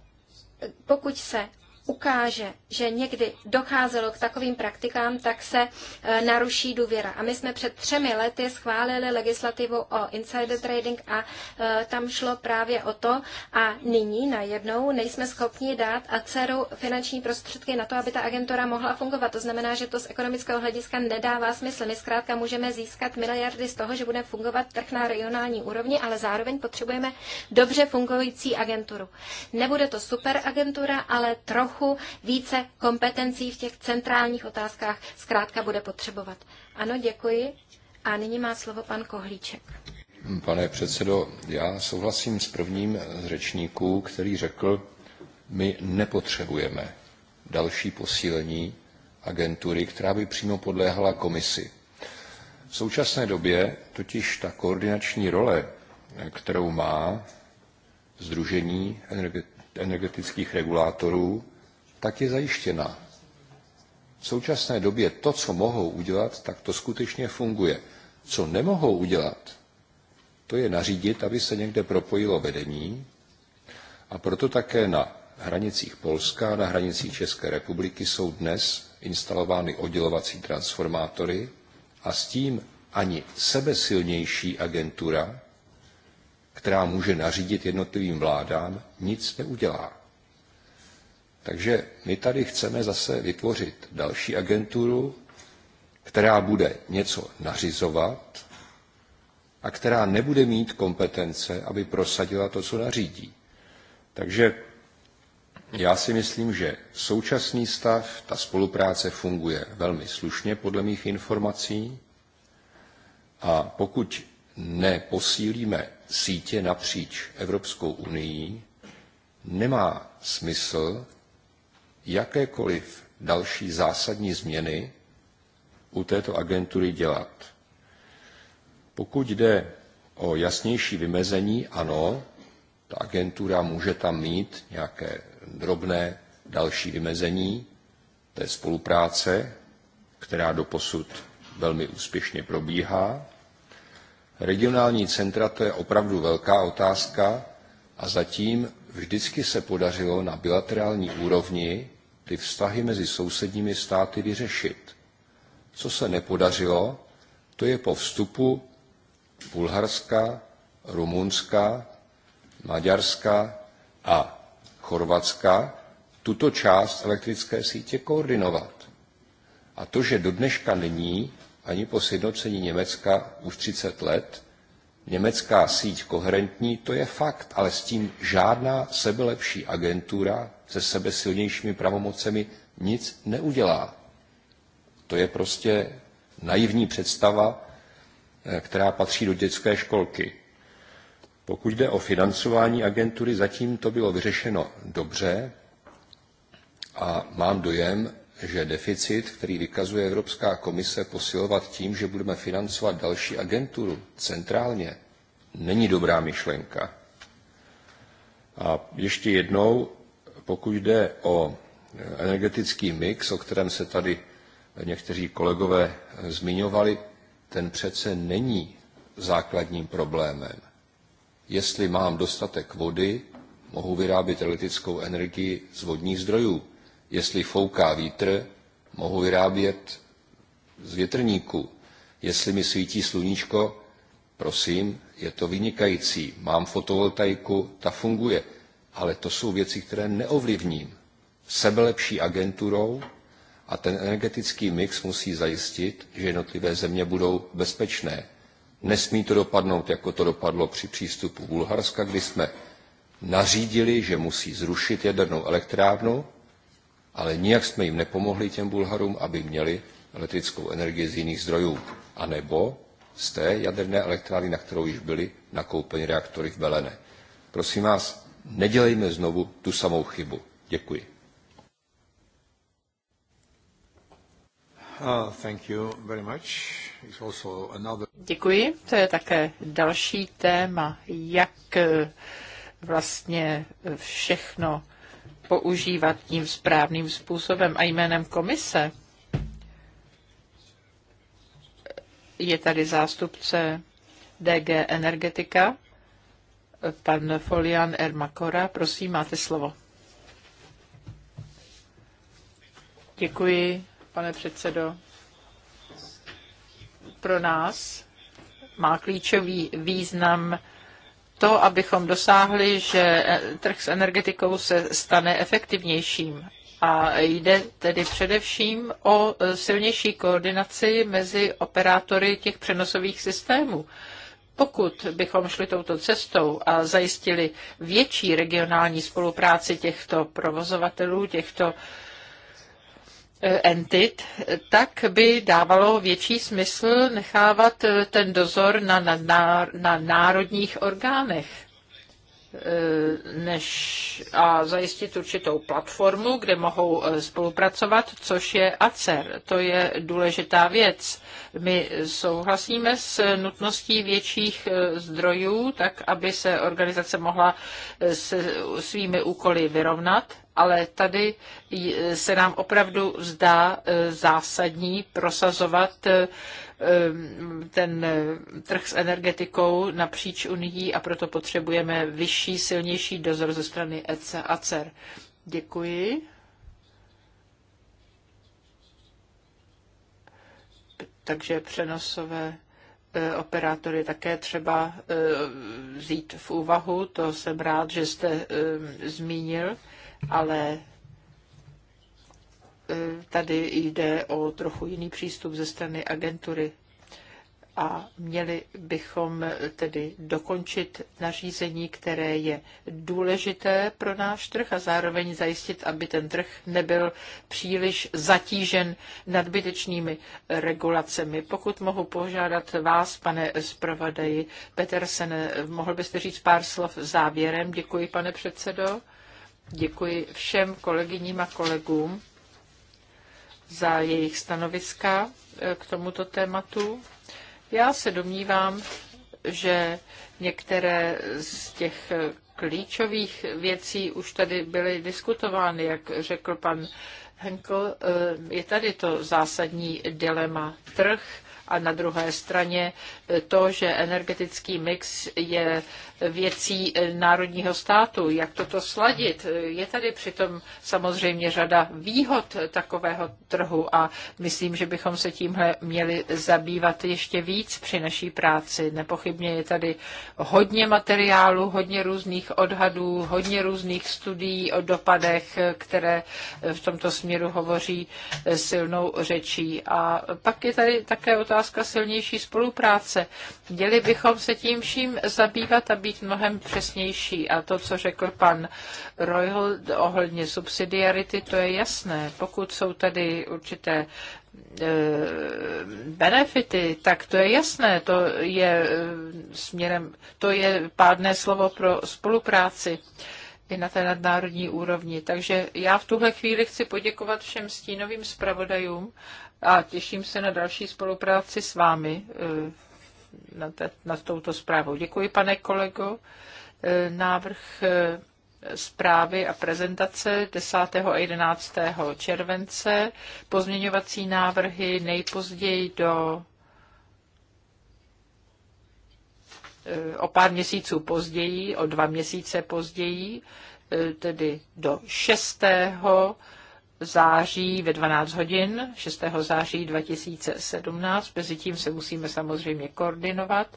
pokud se ukáže, že někdy docházelo k takovým praktikám, tak se e, naruší důvěra. A my jsme před třemi lety schválili legislativu o insider trading a e, tam šlo právě o to a nyní najednou nejsme schopni dát a dceru finanční prostředky na to, aby ta agentura mohla fungovat. To znamená, že to z ekonomického hlediska nedává smysl. My zkrátka můžeme získat miliardy z toho, že bude fungovat trh na regionální úrovni, ale zároveň potřebujeme dobře fungující agenturu. Nebude to super agentura, ale trochu trochu více kompetencí v těch centrálních otázkách zkrátka bude potřebovat. Ano, děkuji. A nyní má slovo pan Kohlíček. Pane předsedo, já souhlasím s prvním z řečníků, který řekl, my nepotřebujeme další posílení agentury, která by přímo podléhala komisi. V současné době totiž ta koordinační role, kterou má Združení energetických regulátorů, tak je zajištěná. V současné době to, co mohou udělat, tak to skutečně funguje. Co nemohou udělat, to je nařídit, aby se někde propojilo vedení a proto také na hranicích Polska a na hranicích České republiky jsou dnes instalovány oddělovací transformátory a s tím ani sebesilnější agentura, která může nařídit jednotlivým vládám, nic neudělá. Takže my tady chceme zase vytvořit další agenturu, která bude něco nařizovat a která nebude mít kompetence, aby prosadila to, co nařídí. Takže já si myslím, že současný stav, ta spolupráce funguje velmi slušně podle mých informací a pokud neposílíme sítě napříč Evropskou unii, nemá smysl jakékoliv další zásadní změny u této agentury dělat. Pokud jde o jasnější vymezení, ano, ta agentura může tam mít nějaké drobné další vymezení té spolupráce, která doposud velmi úspěšně probíhá. Regionální centra to je opravdu velká otázka a zatím vždycky se podařilo na bilaterální úrovni ty vztahy mezi sousedními státy vyřešit. Co se nepodařilo, to je po vstupu Bulharska, Rumunska, Maďarska a Chorvatska tuto část elektrické sítě koordinovat. A to, že do dneška není, ani po sjednocení Německa už 30 let, německá síť koherentní, to je fakt, ale s tím žádná sebelepší agentura se sebe silnějšími pravomocemi nic neudělá. To je prostě naivní představa, eh, která patří do dětské školky. Pokud jde o financování agentury, zatím to bylo vyřešeno dobře a mám dojem, že deficit, který vykazuje Evropská komise, posilovat tím, že budeme financovat další agenturu centrálně, není dobrá myšlenka. A ještě jednou, pokud jde o energetický mix, o kterém se tady někteří kolegové zmiňovali, ten přece není základním problémem. Jestli mám dostatek vody, mohu vyrábět elektrickou energii z vodních zdrojů. Jestli fouká vítr, mohu vyrábět z větrníku. Jestli mi svítí sluníčko, prosím, je to vynikající. Mám fotovoltaiku, ta funguje. Ale to jsou věci, které neovlivním. Sebelepší agenturou a ten energetický mix musí zajistit, že jednotlivé země budou bezpečné. Nesmí to dopadnout, jako to dopadlo při přístupu Bulharska, kdy jsme nařídili, že musí zrušit jadernou elektrárnu, ale nijak jsme jim nepomohli těm Bulharům, aby měli elektrickou energii z jiných zdrojů, a nebo z té jaderné elektrárny, na kterou již byly nakoupeny reaktory v Belene. Prosím vás, nedělejme znovu tu samou chybu. Děkuji. Uh, Děkuji. To je také další téma, jak eh, vlastně eh, všechno používat tím správným způsobem a jménem komise. Je tady zástupce DG Energetika, pan Folian Ermakora. Prosím, máte slovo. Děkuji, pane předsedo. Pro nás má klíčový význam to, abychom dosáhli, že eh, trh s energetikou se stane efektivnějším. A jde tedy především o eh, silnější koordinaci mezi operátory těch přenosových systémů. Pokud bychom šli touto cestou a zajistili větší regionální spolupráci těchto provozovatelů, těchto uh, Eh, entit, tak by dávalo větší smysl nechávat eh, ten dozor na, na, na, na národních orgánech eh, než a zajistit určitou platformu, kde mohou spolupracovat, což je ACER. To je důležitá věc. My souhlasíme s nutností větších zdrojů, tak aby se organizace mohla se svými úkoly vyrovnat, ale tady se nám opravdu zdá eh, zásadní prosazovat eh, eh, ten trh s energetikou napříč Unii a proto potřebujeme vyšší, silnější dozor ze strany EC a CER. Děkuji. Takže přenosové operátory také třeba vzít v úvahu. To jsem rád, že jste zmínil ale e, tady jde o trochu jiný přístup ze strany agentury a měli bychom tedy dokončit nařízení, které je důležité pro náš trh a zároveň zajistit, aby ten trh nebyl příliš zatížen nadbytečnými regulacemi. Pokud mohu požádat vás, pane zpravodaji Petersen, mohl byste říct pár slov závěrem. Děkuji, pane předsedo. Děkuji všem kolegyním a kolegům za jejich stanoviska e, k tomuto tématu. Já se domnívám, že některé z těch e, klíčových věcí už tady byly diskutovány, jak řekl pan Henkel. E, je tady to zásadní dilema trh a na druhé straně eh, to, že energetický mix je věcí eh, národního státu. Jak toto sladit? Eh, je tady přitom samozřejmě řada výhod takového trhu a myslím, že bychom se tímhle měli zabývat ještě víc při naší práci. Nepochybně je tady hodně materiálu, hodně různých odhadů, hodně různých studií o dopadech, které v tomto směru hovoří silnou řečí. A pak je tady také otázka, otázka silnější spolupráce. Měli bychom se tím vším zabývat a být mnohem přesnější. A to, co řekl pan Royal ohledně subsidiarity, to je jasné. Pokud jsou tady určité e, benefity, tak to je jasné, to je e, směrem, to je pádné slovo pro spolupráci i na té nadnárodní úrovni. Takže já v tuhle chvíli chci poděkovat všem stínovým zpravodajům a těším se na další spolupráci s vámi nad, eh, nad touto zprávou. Děkuji, pane kolego. Eh, návrh eh, zprávy a prezentace 10. a 11. července, pozměňovací návrhy nejpozději do o pár měsíců později, o dva měsíce později, tedy do 6 září ve 12 hodin, 6. září 2017. tím se musíme samozřejmě koordinovat.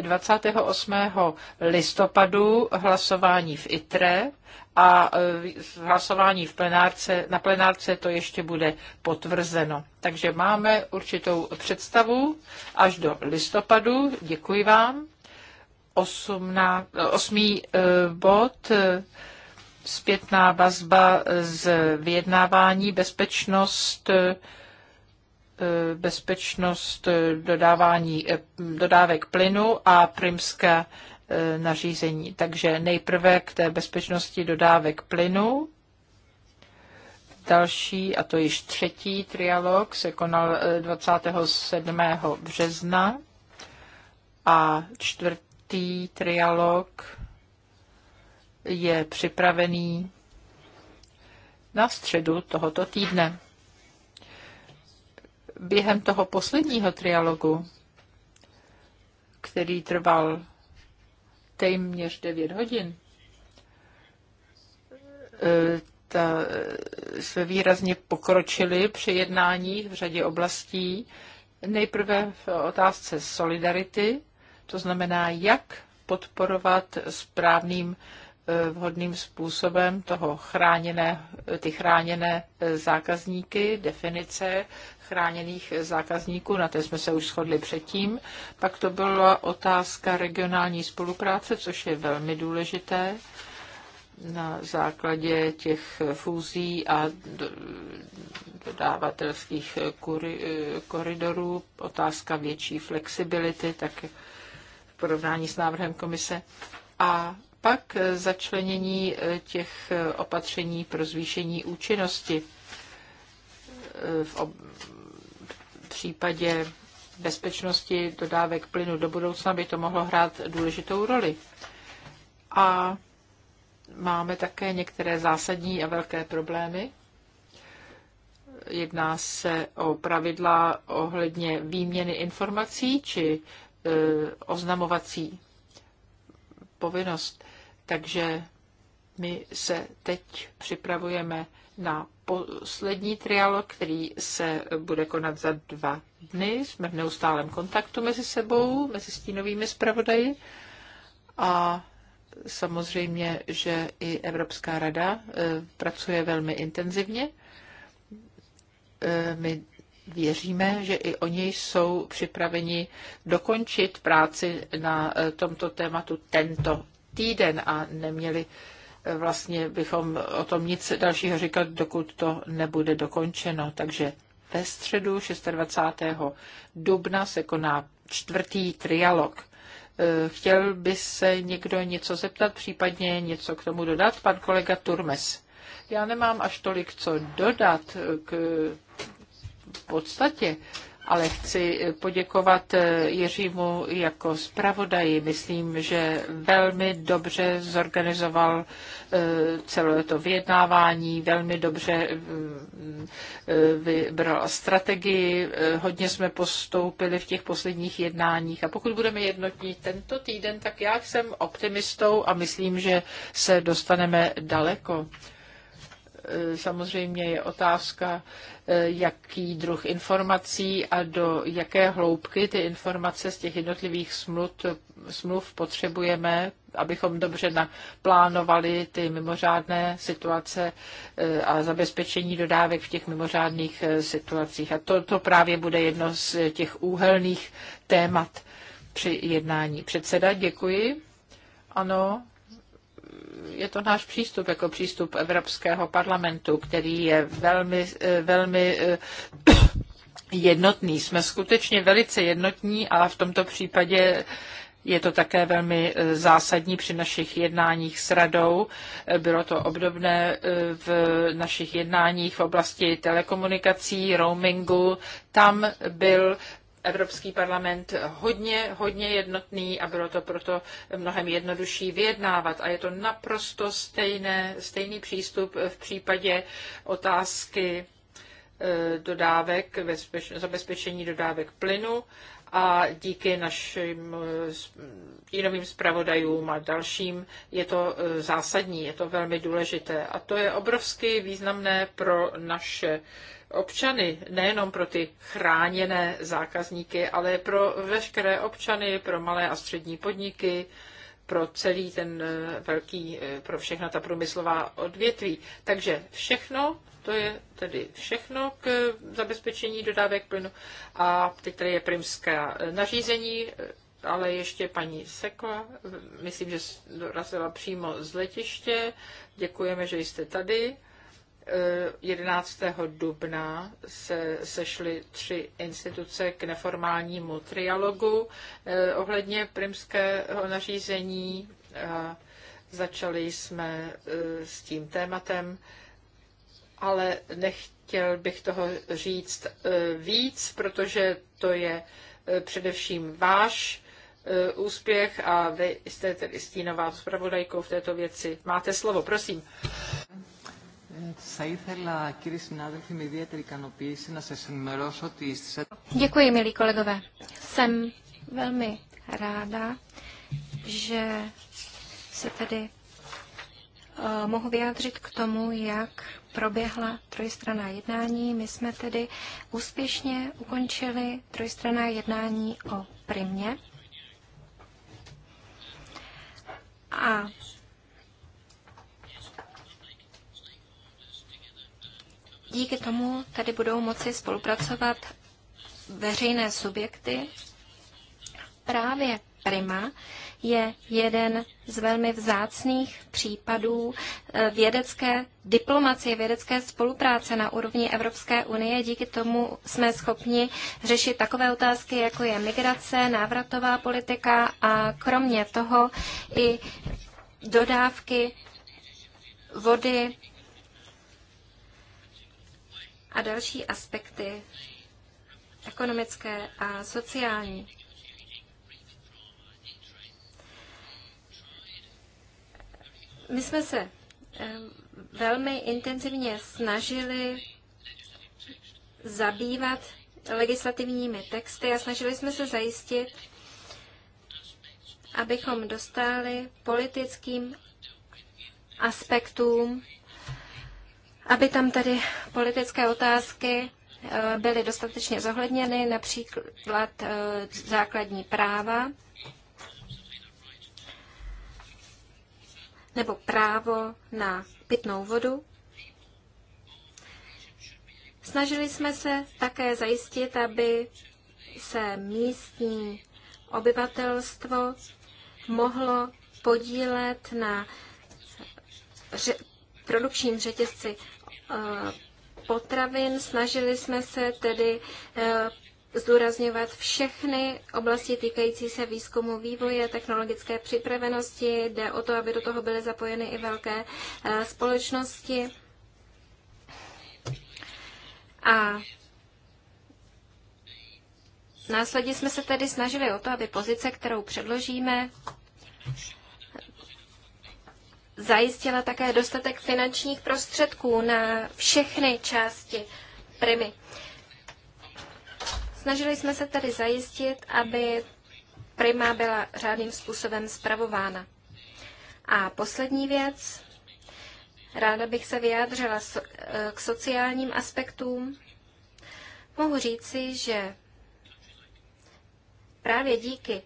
28. listopadu hlasování v ITRE a e, hlasování v plenárce, na plenárce to ještě bude potvrzeno. Takže máme určitou představu až do listopadu. Děkuji vám. 8. E, bod zpětná vazba z vyjednávání, bezpečnost, eh, bezpečnost dodávání, eh, dodávek plynu a primské eh, nařízení. Takže nejprve k té bezpečnosti dodávek plynu. Další, a to již třetí trialog, se konal 27. března a čtvrtý trialog je připravený na středu tohoto týdne. Během toho posledního trialogu, který trval téměř 9 hodin, eh, ta, eh, jsme výrazně pokročili při jednáních v řadě oblastí. Nejprve v otázce solidarity, to znamená, jak podporovat správným E, vhodným způsobem toho chráněné, ty chráněné e, zákazníky, definice chráněných zákazníků, na té jsme se už shodli předtím. Pak to byla otázka regionální spolupráce, což je velmi důležité na základě těch fúzí a dodávatelských e, koridorů. Otázka větší flexibility, tak v porovnání s návrhem komise. A pak začlenění eh, těch eh, opatření pro zvýšení účinnosti eh, v, ob... v případě bezpečnosti dodávek plynu do budoucna by to mohlo hrát důležitou roli. A máme také některé zásadní a velké problémy. Jedná se o pravidla ohledně výměny informací či e, oznamovací povinnost. Takže my se teď připravujeme na poslední trialog, který se bude konat za dva dny. Jsme v neustálém kontaktu mezi sebou, mezi stínovými zpravodaji a samozřejmě, že i Evropská rada e, pracuje velmi intenzivně. E, my věříme, že i oni jsou připraveni dokončit práci na e, tomto tématu tento týden a neměli eh, vlastně bychom o tom nic dalšího říkat, dokud to nebude dokončeno. Takže ve středu 26. dubna se koná čtvrtý trialog. Eh, chtěl by se někdo něco zeptat, případně něco k tomu dodat? Pan kolega Turmes. Já nemám až tolik co dodat eh, k podstatě ale chci poděkovat eh, Jiřímu jako zpravodaji. Myslím, že velmi dobře zorganizoval eh, celé to vyjednávání, velmi dobře eh, vybral strategii, hodně jsme postoupili v těch posledních jednáních a pokud budeme jednotní tento týden, tak já jsem optimistou a myslím, že se dostaneme daleko. Eh, samozřejmě je otázka, eh, jaký druh informací a do jaké hloubky ty informace z těch jednotlivých smluv, smluv potřebujeme, abychom dobře naplánovali ty mimořádné situace eh, a zabezpečení dodávek v těch mimořádných situacích. A to, to právě bude jedno z těch úhelných témat při jednání. Předseda, děkuji. Ano, je to náš přístup jako přístup Evropského parlamentu, který je velmi, eh, velmi eh, jednotný. Jsme skutečně velice jednotní a v tomto případě je to také velmi eh, zásadní při našich jednáních s radou. Bylo to obdobné v našich jednáních v oblasti telekomunikací, roamingu. Tam byl Evropský parlament hodně, hodně jednotný a bylo to proto mnohem jednodušší vyjednávat. A je to naprosto stejné, stejný přístup v případě otázky e, dodávek, zabezpečení dodávek plynu a díky našim e, jinovým zpravodajům a dalším je to e, zásadní, je to velmi důležité. A to je obrovsky významné pro naše občany, nejenom pro ty chráněné zákazníky, ale pro veškeré občany, pro malé a střední podniky, pro celý ten eh, velký, eh, pro všechna ta průmyslová odvětví. Takže všechno, to je tedy všechno k eh, zabezpečení dodávek plynu. A teď tady je primská nařízení, ale ještě paní Sekla, myslím, že dorazila přímo z letiště. Děkujeme, že jste tady. 11. dubna se sešly tři instituce k neformálnímu trialogu eh, ohledně primského nařízení. Začali jsme eh, s tím tématem, ale nechtěl bych toho říct eh, víc, protože to je především váš úspěch a vy jste tedy stínová zpravodajkou v této věci. Máte slovo, prosím. Děkuji, milí kolegové. Jsem velmi ráda, že se tedy uh, mohu vyjádřit k tomu, jak proběhla trojstraná jednání. My jsme tedy úspěšně ukončili trojstraná jednání o primě. A Díky tomu tady budou moci spolupracovat veřejné subjekty. Právě Prima je jeden z velmi vzácných případů eh, vědecké diplomacie, vědecké spolupráce na úrovni Evropské unie. Díky tomu jsme schopni řešit takové otázky, jako je migrace, návratová politika a kromě toho i dodávky vody, a další aspekty ekonomické a sociální. My jsme se velmi intenzivně snažili zabývat legislativními texty a snažili jsme se zajistit, abychom dostali politickým aspektům aby tam tedy politické otázky eh, byly dostatečně zohledněny, například eh, základní práva nebo právo na pitnou vodu. Snažili jsme se také zajistit, aby se místní obyvatelstvo mohlo podílet na produkčním řetězci eh, potravin. Snažili jsme se tedy eh, zdůrazňovat všechny oblasti týkající se výzkumu, vývoje, technologické připravenosti. Jde o to, aby do toho byly zapojeny i velké eh, společnosti. A následně jsme se tedy snažili o to, aby pozice, kterou předložíme, zajistila také dostatek finančních prostředků na všechny části primy. Snažili jsme se tedy zajistit, aby prima byla řádným způsobem zpravována. A poslední věc, ráda bych se vyjádřila eh, k sociálním aspektům. Mohu říci, že právě díky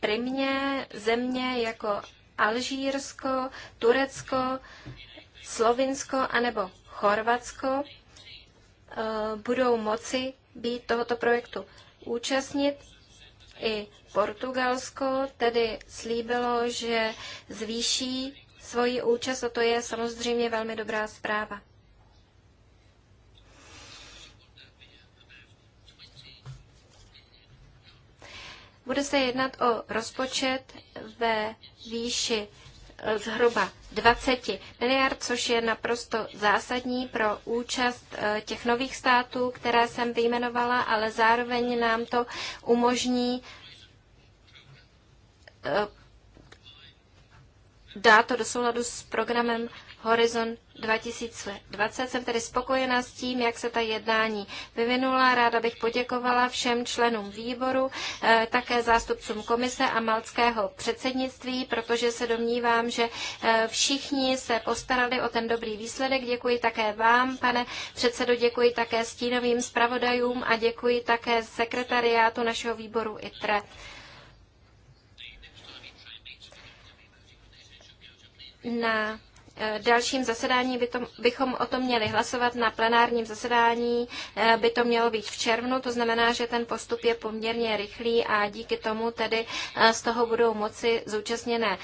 primě země jako Alžírsko, Turecko, Slovinsko anebo Chorvatsko eh, budou moci být tohoto projektu účastnit. I Portugalsko tedy slíbilo, že zvýší svoji účast a to je samozřejmě velmi dobrá zpráva. Bude se jednat o rozpočet ve výši e, zhruba 20 miliard, což je naprosto zásadní pro účast e, těch nových států, které jsem vyjmenovala, ale zároveň nám to umožní e, dá to do souladu s programem Horizont 2020. Jsem tedy spokojená s tím, jak se ta jednání vyvinula. Ráda bych poděkovala všem členům výboru, eh, také zástupcům komise a malckého předsednictví, protože se domnívám, že eh, všichni se postarali o ten dobrý výsledek. Děkuji také vám, pane předsedo, děkuji také stínovým zpravodajům a děkuji také sekretariátu našeho výboru ITRE. Na Eh, dalším zasedání by to, bychom o tom měli hlasovat. Na plenárním zasedání eh, by to mělo být v červnu, to znamená, že ten postup je poměrně rychlý a díky tomu tedy eh, z toho budou moci zúčastněné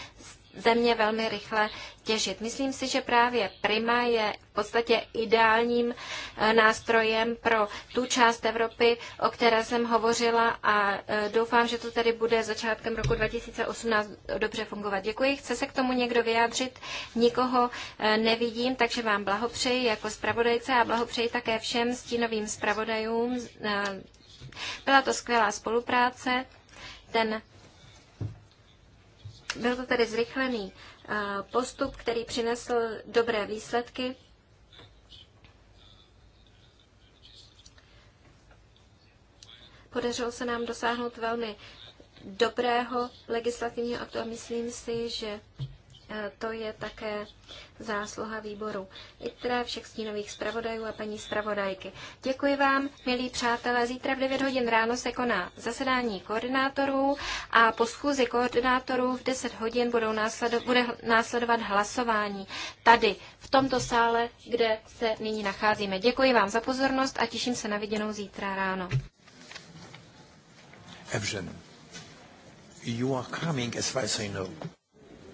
země velmi rychle těžit. Myslím si, že právě Prima je v podstatě ideálním eh, nástrojem pro tu část Evropy, o které jsem hovořila a eh, doufám, že to tady bude začátkem roku 2018 dobře fungovat. Děkuji. Chce se k tomu někdo vyjádřit? Nikoho eh, nevidím, takže vám blahopřeji jako zpravodajce a blahopřeji také všem stínovým zpravodajům. Byla to skvělá spolupráce. Ten byl to tedy zrychlený eh, postup, který přinesl dobré výsledky. Podařilo se nám dosáhnout velmi dobrého legislativního aktu a myslím si, že E, to je také zásluha výboru ITRE, všech stínových zpravodajů a paní zpravodajky. Děkuji vám, milí přátelé. Zítra v 9 hodin ráno se koná zasedání koordinátorů a po schůzi koordinátorů v 10 hodin budou následo, bude následovat hlasování tady, v tomto sále, kde se nyní nacházíme. Děkuji vám za pozornost a těším se na viděnou zítra ráno. Evžen, you are coming as far as I know.